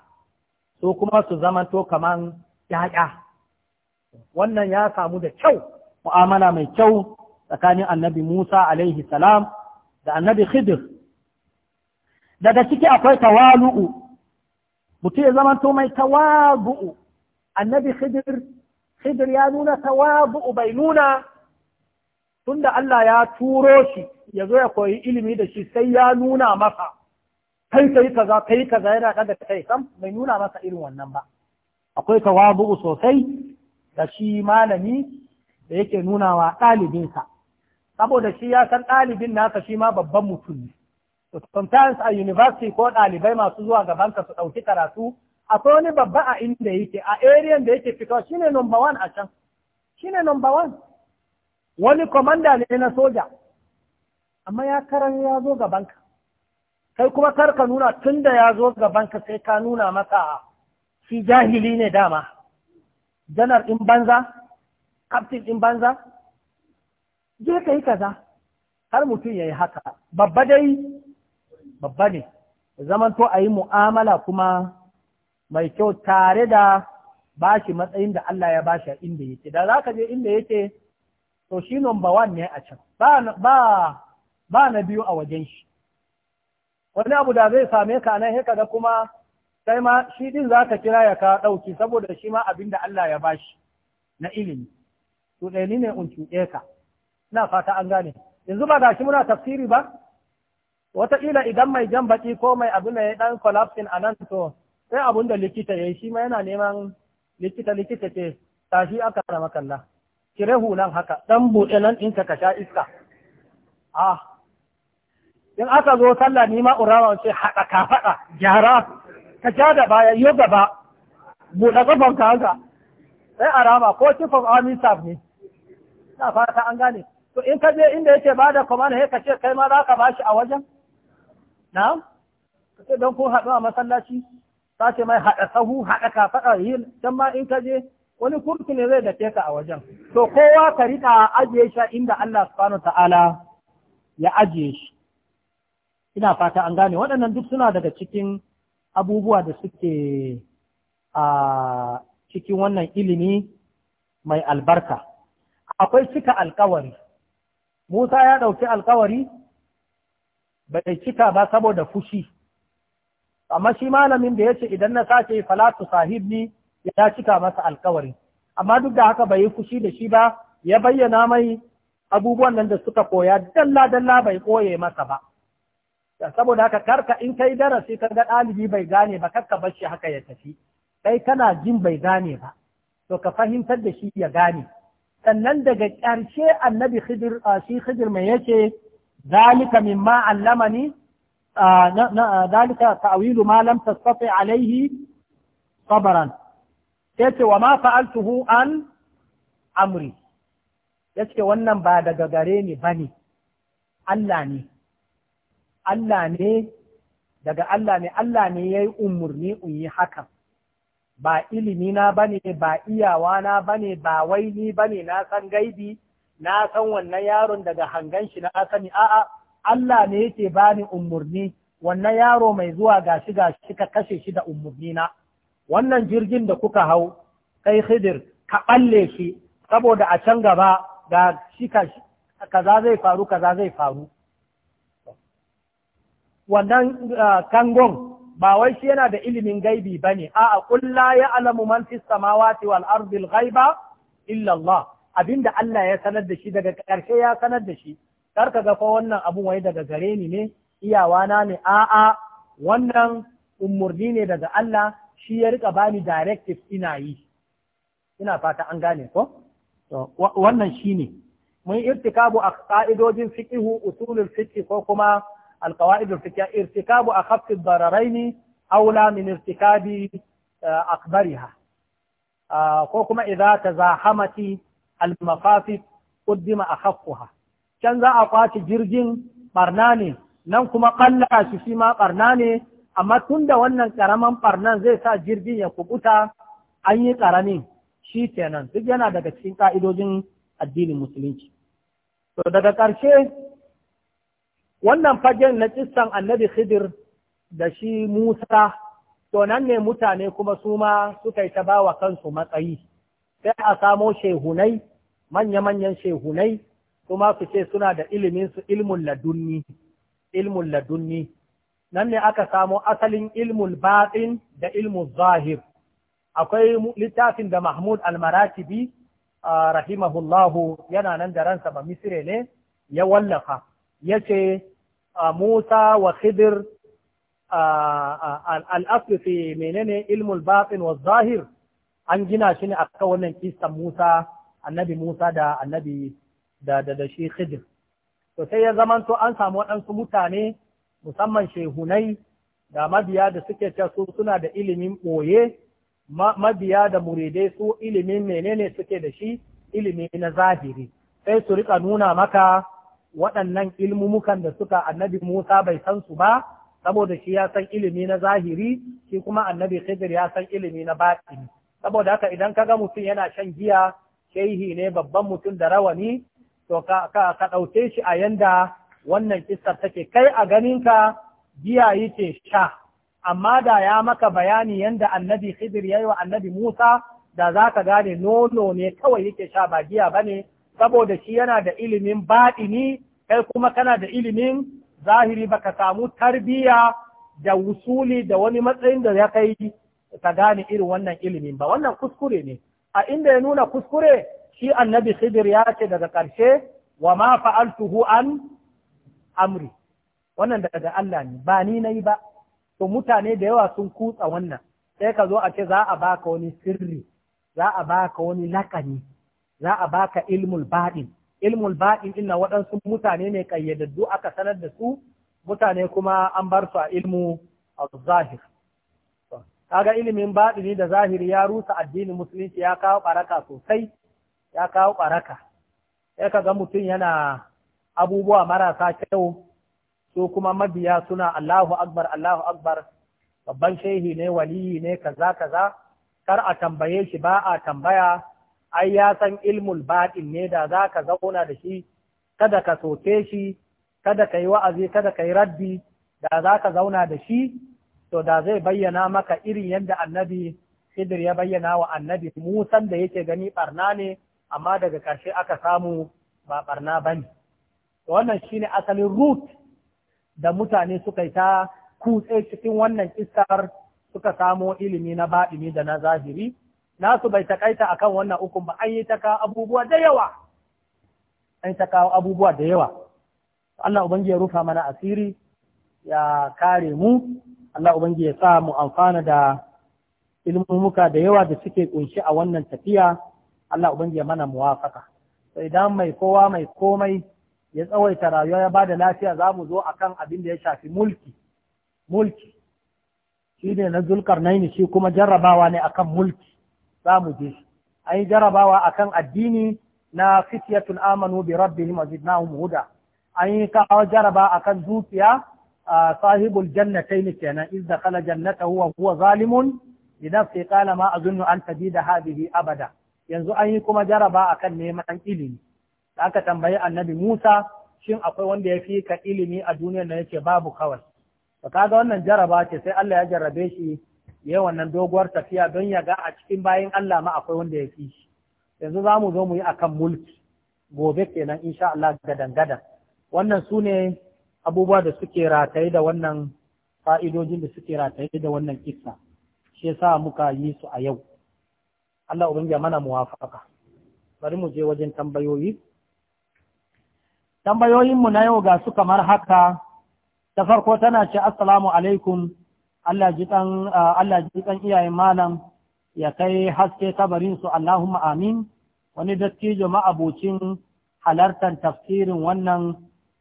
so kuma su zamanto kaman yaya wannan ya samu da kyau mu'amala mai kyau tsakanin annabi Musa alaihi salam da annabi Khidir daga ciki akwai tawalu'u mutum ya zamanto mai tawalu'u annabi Khidir Khidir ya nuna bu'u bai nuna Tun da Allah ya turo shi ya zo ya koyi ilimi da shi sai ya nuna masa kai kai kaza kai kaza yana kada kai sam bai nuna masa irin wannan ba akwai bu'u sosai da shi malami da yake nuna wa ɗalibinsa saboda shi ya san ɗalibin nasa shi ma babban mutum ne sometimes a university ko ɗalibai masu zuwa gabanka su ɗauki karatu akwai wani babba a inda yake a area da yake fitowa shine number one a can shine number one wani commander ne na soja amma ya karan ya zo gabanka kai kuma kar ka nuna tun da ya zo gabanka sai ka nuna masa shi jahili ne dama janar in banza kaftin in banza je ka yi kaza har mutum ya yi haka babba dai babba ne zamanto a yi mu'amala kuma mai kyau tare da bashi matsayin da Allah ya bashi a inda yake da za ka je inda yake to shi number one ne a can ba na biyu a wajen shi wani abu da zai same ka nan haka da kuma sai ma shi din za zaka kira ya ka ɗauki saboda shi ma abin da Allah ya bashi na ilimi to ɗani ne in cuɗe ka ina fata an gane yanzu ba gashi muna tafsiri ba wataƙila idan mai jan baƙi ko mai abu da ya ɗan collapsing a nan to sai abun da likita ya yi shi ma yana neman likita likita ce tashi aka rama kalla kire hulan haka dan buɗe nan ɗinka ka sha iska ah in aka zo sallah ni ma urawa sai haɗa ka faɗa gyara ka ja da baya yo gaba buɗe kafan ka haka sai a rama ko chief of army staff ne na fata an gane to in ka je inda yake ba da command sai ka ce kai ma za ka bashi a wajen na'am kace don kun haɗu a masallaci ta ce mai haɗa sahu haɗa kafaɗa yi can ma in ka je wani kurki ne zai dace ka a wajen to kowa ka riƙa ajiye shi inda Allah subhanahu ta'ala ya ajiye shi ina fata an gane waɗannan duk suna daga cikin abubuwa da suke a cikin wannan ilimi mai albarka akwai cika alkawari Musa ya ɗauki alkawari bai cika ba saboda fushi amma shi malamin da yace idan na sace falatu sahibni ya cika masa alkawari amma duk da haka bai yi fushi da shi ba ya bayyana mai abubuwan nan da suka koya dalla dalla bai koye masa ba saboda haka karka in kai darasi ka ga ɗalibi bai gane ba karka bar shi haka ya tafi kai kana jin bai gane ba to ka fahimtar da shi ya gane sannan daga ƙarshe annabi khidir shi khidir mai yace zalika mimma allamani ذلك تأويل ما لم تستطع عليه صبرا yace wa ma fa'altuhu أمري amri ونن wannan ba daga gare ni bane Allah ne Allah ne daga Allah ne Allah ne yayi umurni in yi haka ba ilimi na bane ba iyawa na bane ba wai ni bane na san gaibi na san wannan yaron daga hangan shi na asani. a'a Allah ne yake bani umurni wannan yaro mai zuwa gashi gashi ka kashe shi da umurni na wannan jirgin da kuka hau kai khidir ka balle shi saboda a can gaba ga shi kaza zai faru kaza zai faru wannan ah, kangon ba wai shi yana da ilimin gaibi bane a'a kulla ya ya'lamu man fis samawati wal ardi al ghaiba illa Allah abinda Allah ya sanar da shi daga ƙarshe ya sanar da shi kar ka ga fa wannan abu wai daga gare ni ne iyawana ne a'a wannan umurni ne daga Allah shi ya rika bani directive ina yi ina fata an gane ko to wannan shine mun irtikabu a ka'idojin fiqhu usulul fiqh ko kuma alqawaidul fiqh irtikabu akhaffi dararaini aula min irtikabi eh, akbariha ah, ko kuma idza tazahamati al mafasid qaddima akhaffaha can za a kwace jirgin barna ne nan kuma ƙalla shi shi ma barna ne amma tun da wannan ƙaramin barnan zai sa jirgin ya kubuta an yi ƙaramin shi kenan duk yana daga cikin ƙa'idojin addinin musulunci to daga ƙarshe wannan fagen na ƙistan annabi khidir da shi musa to nan ne mutane kuma su ma suka yi ta ba kansu matsayi sai a samo shehunai manya-manyan shehunai kuma su ce suna da ilimin su ilmun ladunni ilmun ladunni nan ne aka samo asalin ilmul batin da ilmun zahir akwai littafin da Mahmud Almaratibi, maratibi rahimahullahu yana nan da ransa ba misire ne ya wallafa ce Musa wa Khidir al fi menene ilmul batin wa zahir an gina shi ne a wannan kissan Musa annabi Musa da annabi da da da shi khidir to sai ya zamanto an samu waɗansu mutane musamman shehunai da mabiya da suke cewa su suna da ilimin ɓoye mabiya da muridai su ilimin menene suke da shi ilimi na zahiri sai su rika nuna maka waɗannan ilmumukan da suka annabi Musa bai san su ba saboda shi ya san ilimi na zahiri shi kuma annabi Khidir ya san ilimi na batini saboda haka idan kaga mutum yana shan giya shehi ne babban mutum da rawani to ka ɗauke shi a yanda wannan kistar take kai a ganinka giya yake sha amma da ya maka bayani yanda annabi khidir yayi wa annabi musa da za ka gane nono ne kawai yake sha ba giya ba ne saboda shi yana da ilimin baɗini kai kuma kana da ilimin zahiri baka samu tarbiyya da wusuli da wani matsayin da ya kai ka gane irin wannan ilimin ba wannan kuskure ne a inda ya nuna kuskure shi annabi khidir ya ce daga ƙarshe wa ma fa'altuhu an amri wannan daga Allah ne ba ni yi ba to mutane da yawa sun kutsa wannan sai ka zo a ce za a baka wani sirri za a baka wani lakani za a baka ilmul baɗi. ilmul baɗin ina waɗansu mutane ne ƙayyadaddu aka sanar da su mutane kuma an bar su a ilmu a zahir kaga ilimin baɗini da zahiri ya rusa addinin musulunci ya kawo baraka sosai ya kawo ɓaraka Ya ka ga mutum yana abubuwa marasa kyau su kuma mabiya suna Allahu akbar Allahu akbar babban shehi ne waliyi ne kaza kaza kar a tambaye shi ba a tambaya ai ya san ilmul baɗin ne da za ka zauna da shi kada ka soke shi kada ka yi wa'azi kada ka yi raddi da za ka zauna da shi to da zai bayyana maka irin yadda annabi hidir ya bayyana wa annabi Musan da yake gani ɓarna ne amma daga ƙarshe aka samu ba ɓarna ba ne. Wannan shi ne asalin root da mutane suka yi ta kutse cikin wannan iskar suka samo ilimi na baɗini da na zahiri, nasu bai takaita akan wannan ukun ba an yi ta kawo abubuwa da yawa. An yi ta kawo abubuwa da yawa. Allah Ubangi ya rufa mana asiri ya kare mu, Allah Ubangi ya sa mu amfana da ilmumuka da yawa da suke ƙunshi a wannan tafiya. Allah ubangi ya mana muwafaka Sai idan mai kowa mai komai ya tsawaita rayuwa ya bada lafiya za mu zo akan abin da ya shafi mulki mulki shi ne na zulkarnaini shi kuma jarrabawa ne akan mulki za mu je shi an yi jarrabawa akan addini na fitiyatul amanu bi rabbihim wa huda an yi kawo jaraba akan dukiya sahibul jannatayn kenan iz dakhala jannatahu wa huwa zalimun li nafsi qala ma azunnu an tabida hadhihi abada yanzu an yi kuma jaraba a kan neman ilimi da aka tambayi annabi Musa shin akwai wanda ya fi ka ilimi a duniyar da yake babu kawai to kaga wannan jaraba ce sai Allah ya jarrabe shi yayin wannan doguwar tafiya don ya ga a cikin bayan Allah ma akwai wanda ya fi shi yanzu za mu zo mu yi akan mulki gobe kenan insha Allah gadan gadan wannan su ne abubuwa da suke rataye da wannan fa'idojin da suke rataye da wannan kissa shi yasa muka yi su a yau Allah ubangiji mana muwafaka bari mu je wajen tambayoyi tambayoyinmu na yau ga su kamar haka ta farko tana ce assalamu alaikum Allah ji ɗan ah, iyayen malam ya kai haske kabarin su, Allahumma amin wani dattijo ma'abocin halartar tafsirin wannan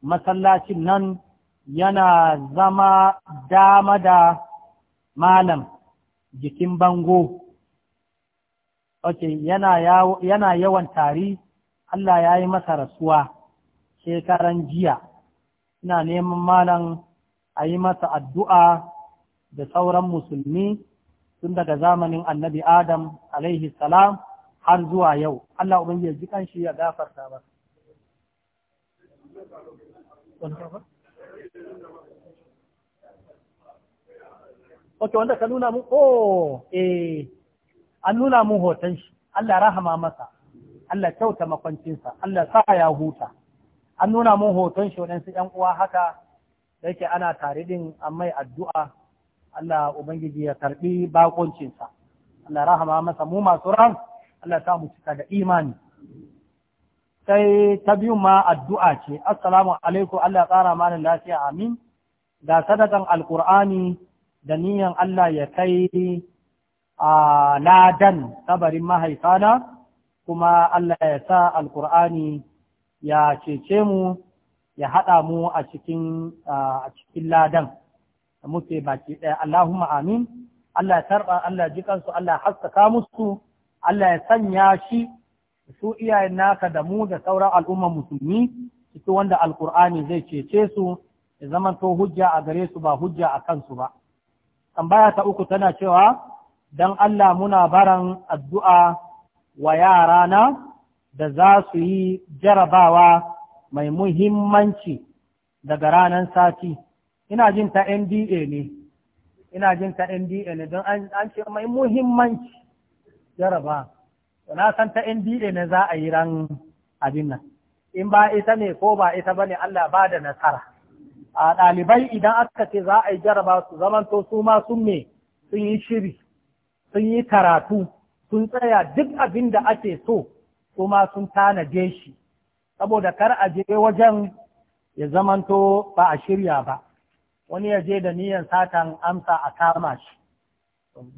masallacin nan yana zama dama da malam jikin bango okay yana yana yawan tari Allah ya yi masa rasuwa shekaran jiya ina neman malam a yi masa addu'a da sauran musulmi tun daga zamanin annabi Adam alaihi salam har zuwa yau. Allah Ubangiji ji kanshi ya gafarta ba. Ok, wanda ka nuna mu, oh, eh. an nuna mun hoton shi Allah rahama masa Allah kyauta makwancinsa Allah sa ya huta an nuna mun hoton shi wadansu ‘yan uwa haka da yake ana tare din an mai addu'a Allah Ubangiji ya karɓi bakoncinsa Allah rahama masa mu masu ran Allah sa mu cika da imani sai ta biyu ma addu'a ce assalamu alaikum Allah tsara mana lafiya amin ga sadakan alkur'ani da niyan Allah ya kai a ladan kabarin mahaifana kuma Allah ya sa alkur'ani ya cece mu ya haɗa mu a cikin ladan da muke baki ɗaya Allahumma amin Allah ya tarba Allah ji kansu Allah ya haskaka musu Allah ya sanya shi su iyayen naka da mu da sauran al'ummar musulmi ciki wanda alkur'ani zai cece su ya zamanto hujja a gare su ba hujja a kansu ba tambaya ta uku tana cewa don Allah muna baran addu'a wa yarana da za su yi jarabawa mai muhimmanci daga ranar sati. Ina jin ta NDA ne, ina jin ta NDA ne don an ce mai muhimmanci jaraba. Na san ta NDA ne za a yi ran abin nan. In ba ita ne ko ba ita ba ne Allah ba da nasara. A ɗalibai idan aka ce za a yi jaraba su zamanto su ma sun me sun yi shiri. sun yi karatu sun tsaya duk abin da ake so kuma sun tanaje shi saboda kar a je wajen ya zamanto ba a shirya ba wani ya je da niyan satan amsa a kama shi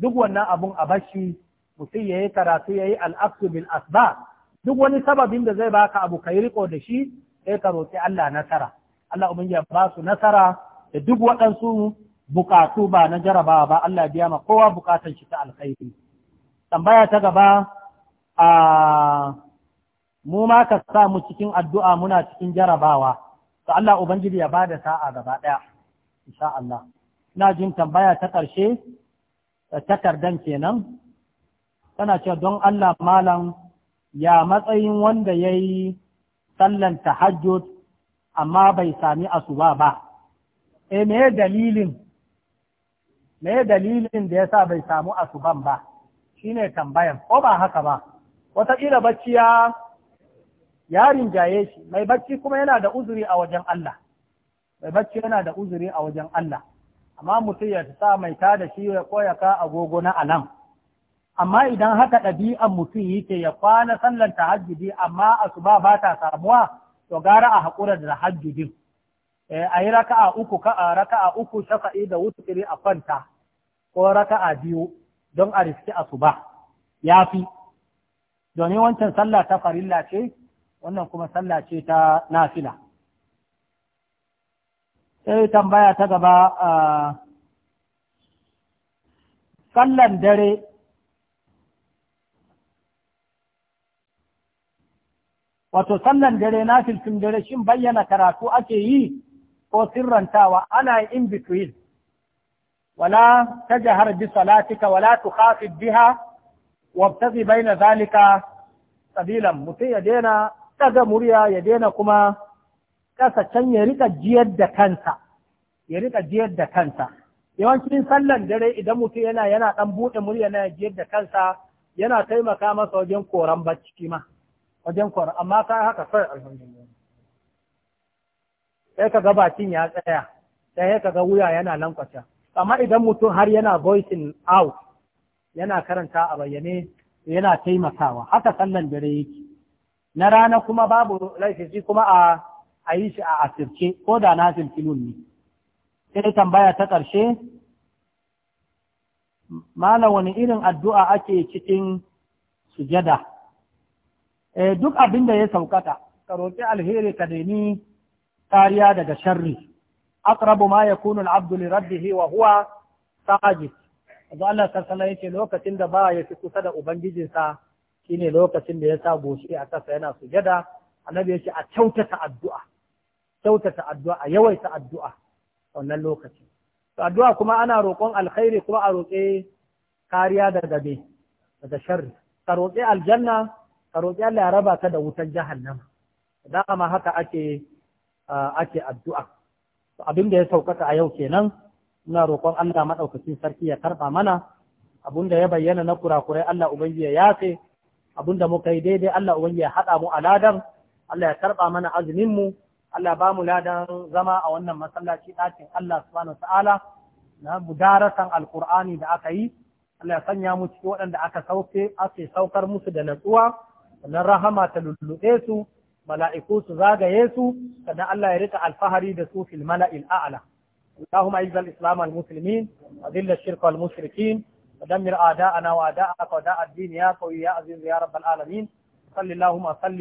duk wannan abun a bashi mutum ya yi karatu ya yi al'aksu bil asba duk wani sababin da zai baka abu ka yi riko da shi sai ka roƙi Allah nasara Allah ubangiji ya ba su nasara da duk waɗansu bukatu ba na jarabawa ba Allah biya ma kowa bukatan shi ta alkhairi tambaya ta gaba a mu ma ka sa mu cikin addu'a muna cikin jarabawa to Allah ubangiji ya bada sa'a gaba daya insha Allah ina jin tambaya ta karshe kardan kenan tana cewa don Allah malam ya matsayin wanda yayi sallan tahajjud amma bai sami asuba ba eh me dalilin me dalilin da yasa bai samu asuban ba shine tambayan ko ba haka ba wataƙila bacci ya ya jaye shi mai bacci kuma yana da uzuri a wajen Allah mai bacci yana da uzuri a wajen Allah amma mutum ya sa mai ta da shi ya koya ka agogo na anan. amma idan haka ɗabi'an mutum yake ya kwana sallar tahajjudi amma asuba ba ta samuwa to gara a haƙura da tahajjudin Eh, a yi raka'a uku raka raka'a uku shafa'i da wuturi a kwanta ko raka'a biyu don a riski ba ya fi domin wancan sallah ta farilla ce wannan kuma sallah ce ta nafila sai tambaya ta gaba a sallan dare wato sallan dare na filfin dare shin bayyana karatu ake yi ko sirrantawa ana in between wala tajahar bi salatika wala tukhafid biha wabtazi baina zalika sabilan mutum ya daina daga murya ya daina kuma kasa can ya rika jiyar da kansa ya rika jiyar da kansa yawancin sallan dare idan mutum yana yana dan bude murya na jiyar da kansa yana taimaka masa wajen koran bacci ma wajen koran amma ka haka sai alhamdulillah sai ka ga bakin ya tsaya sai ka ga wuya yana lankwasa amma idan mutum har yana voicing out yana karanta a bayyane yana taimakawa haka sallan dare yake na rana kuma babu laifi kuma a a yi shi a asirce ko da na filfilun ne sai tambaya ta ƙarshe mala wani irin addu'a ake cikin sujada eh, duk abin da ya saukata ka roƙi alheri ka daini kariya daga sharri aqrabu ma yakunu al-abdu li rabbihi wa huwa sajid azza Allah sallallahu yake lokacin da ba ya fi kusa da ubangijinsa shine lokacin da ya sa goshi a kasa yana sujada annabi yake a kyautata addu'a kyautata addu'a a yawaita addu'a wannan lokacin to addu'a kuma ana roƙon alkhairi kuma a roƙe kariya daga me daga sharri ka roƙe aljanna ka roƙi Allah ya raba ka da wutan jahannama dama haka ake ake addu'a abin da ya saukaka a yau kenan ina roƙon Allah maɗaukacin sarki ya karɓa mana abin da ya bayyana na kurakurai Allah ubangiji ya yafe abin da muka yi daidai Allah ubangiji ya haɗa mu a ladan Allah ya karɓa mana azumin mu Allah ba mu ladan zama a wannan masallaci ɗakin Allah subhanahu ta'ala na mudarasan da aka yi Allah ya sanya mu cikin waɗanda aka sauke ake saukar musu da natsuwa sannan rahama ta lulluɗe su mala’iku su zagaye su, sannan Allah ya rika alfahari da su filmana mala’il a’ala. Allahum aizal Islam al-Musulmin, azil shirka al-Mushrikin, adamir a da’ana wa ya azin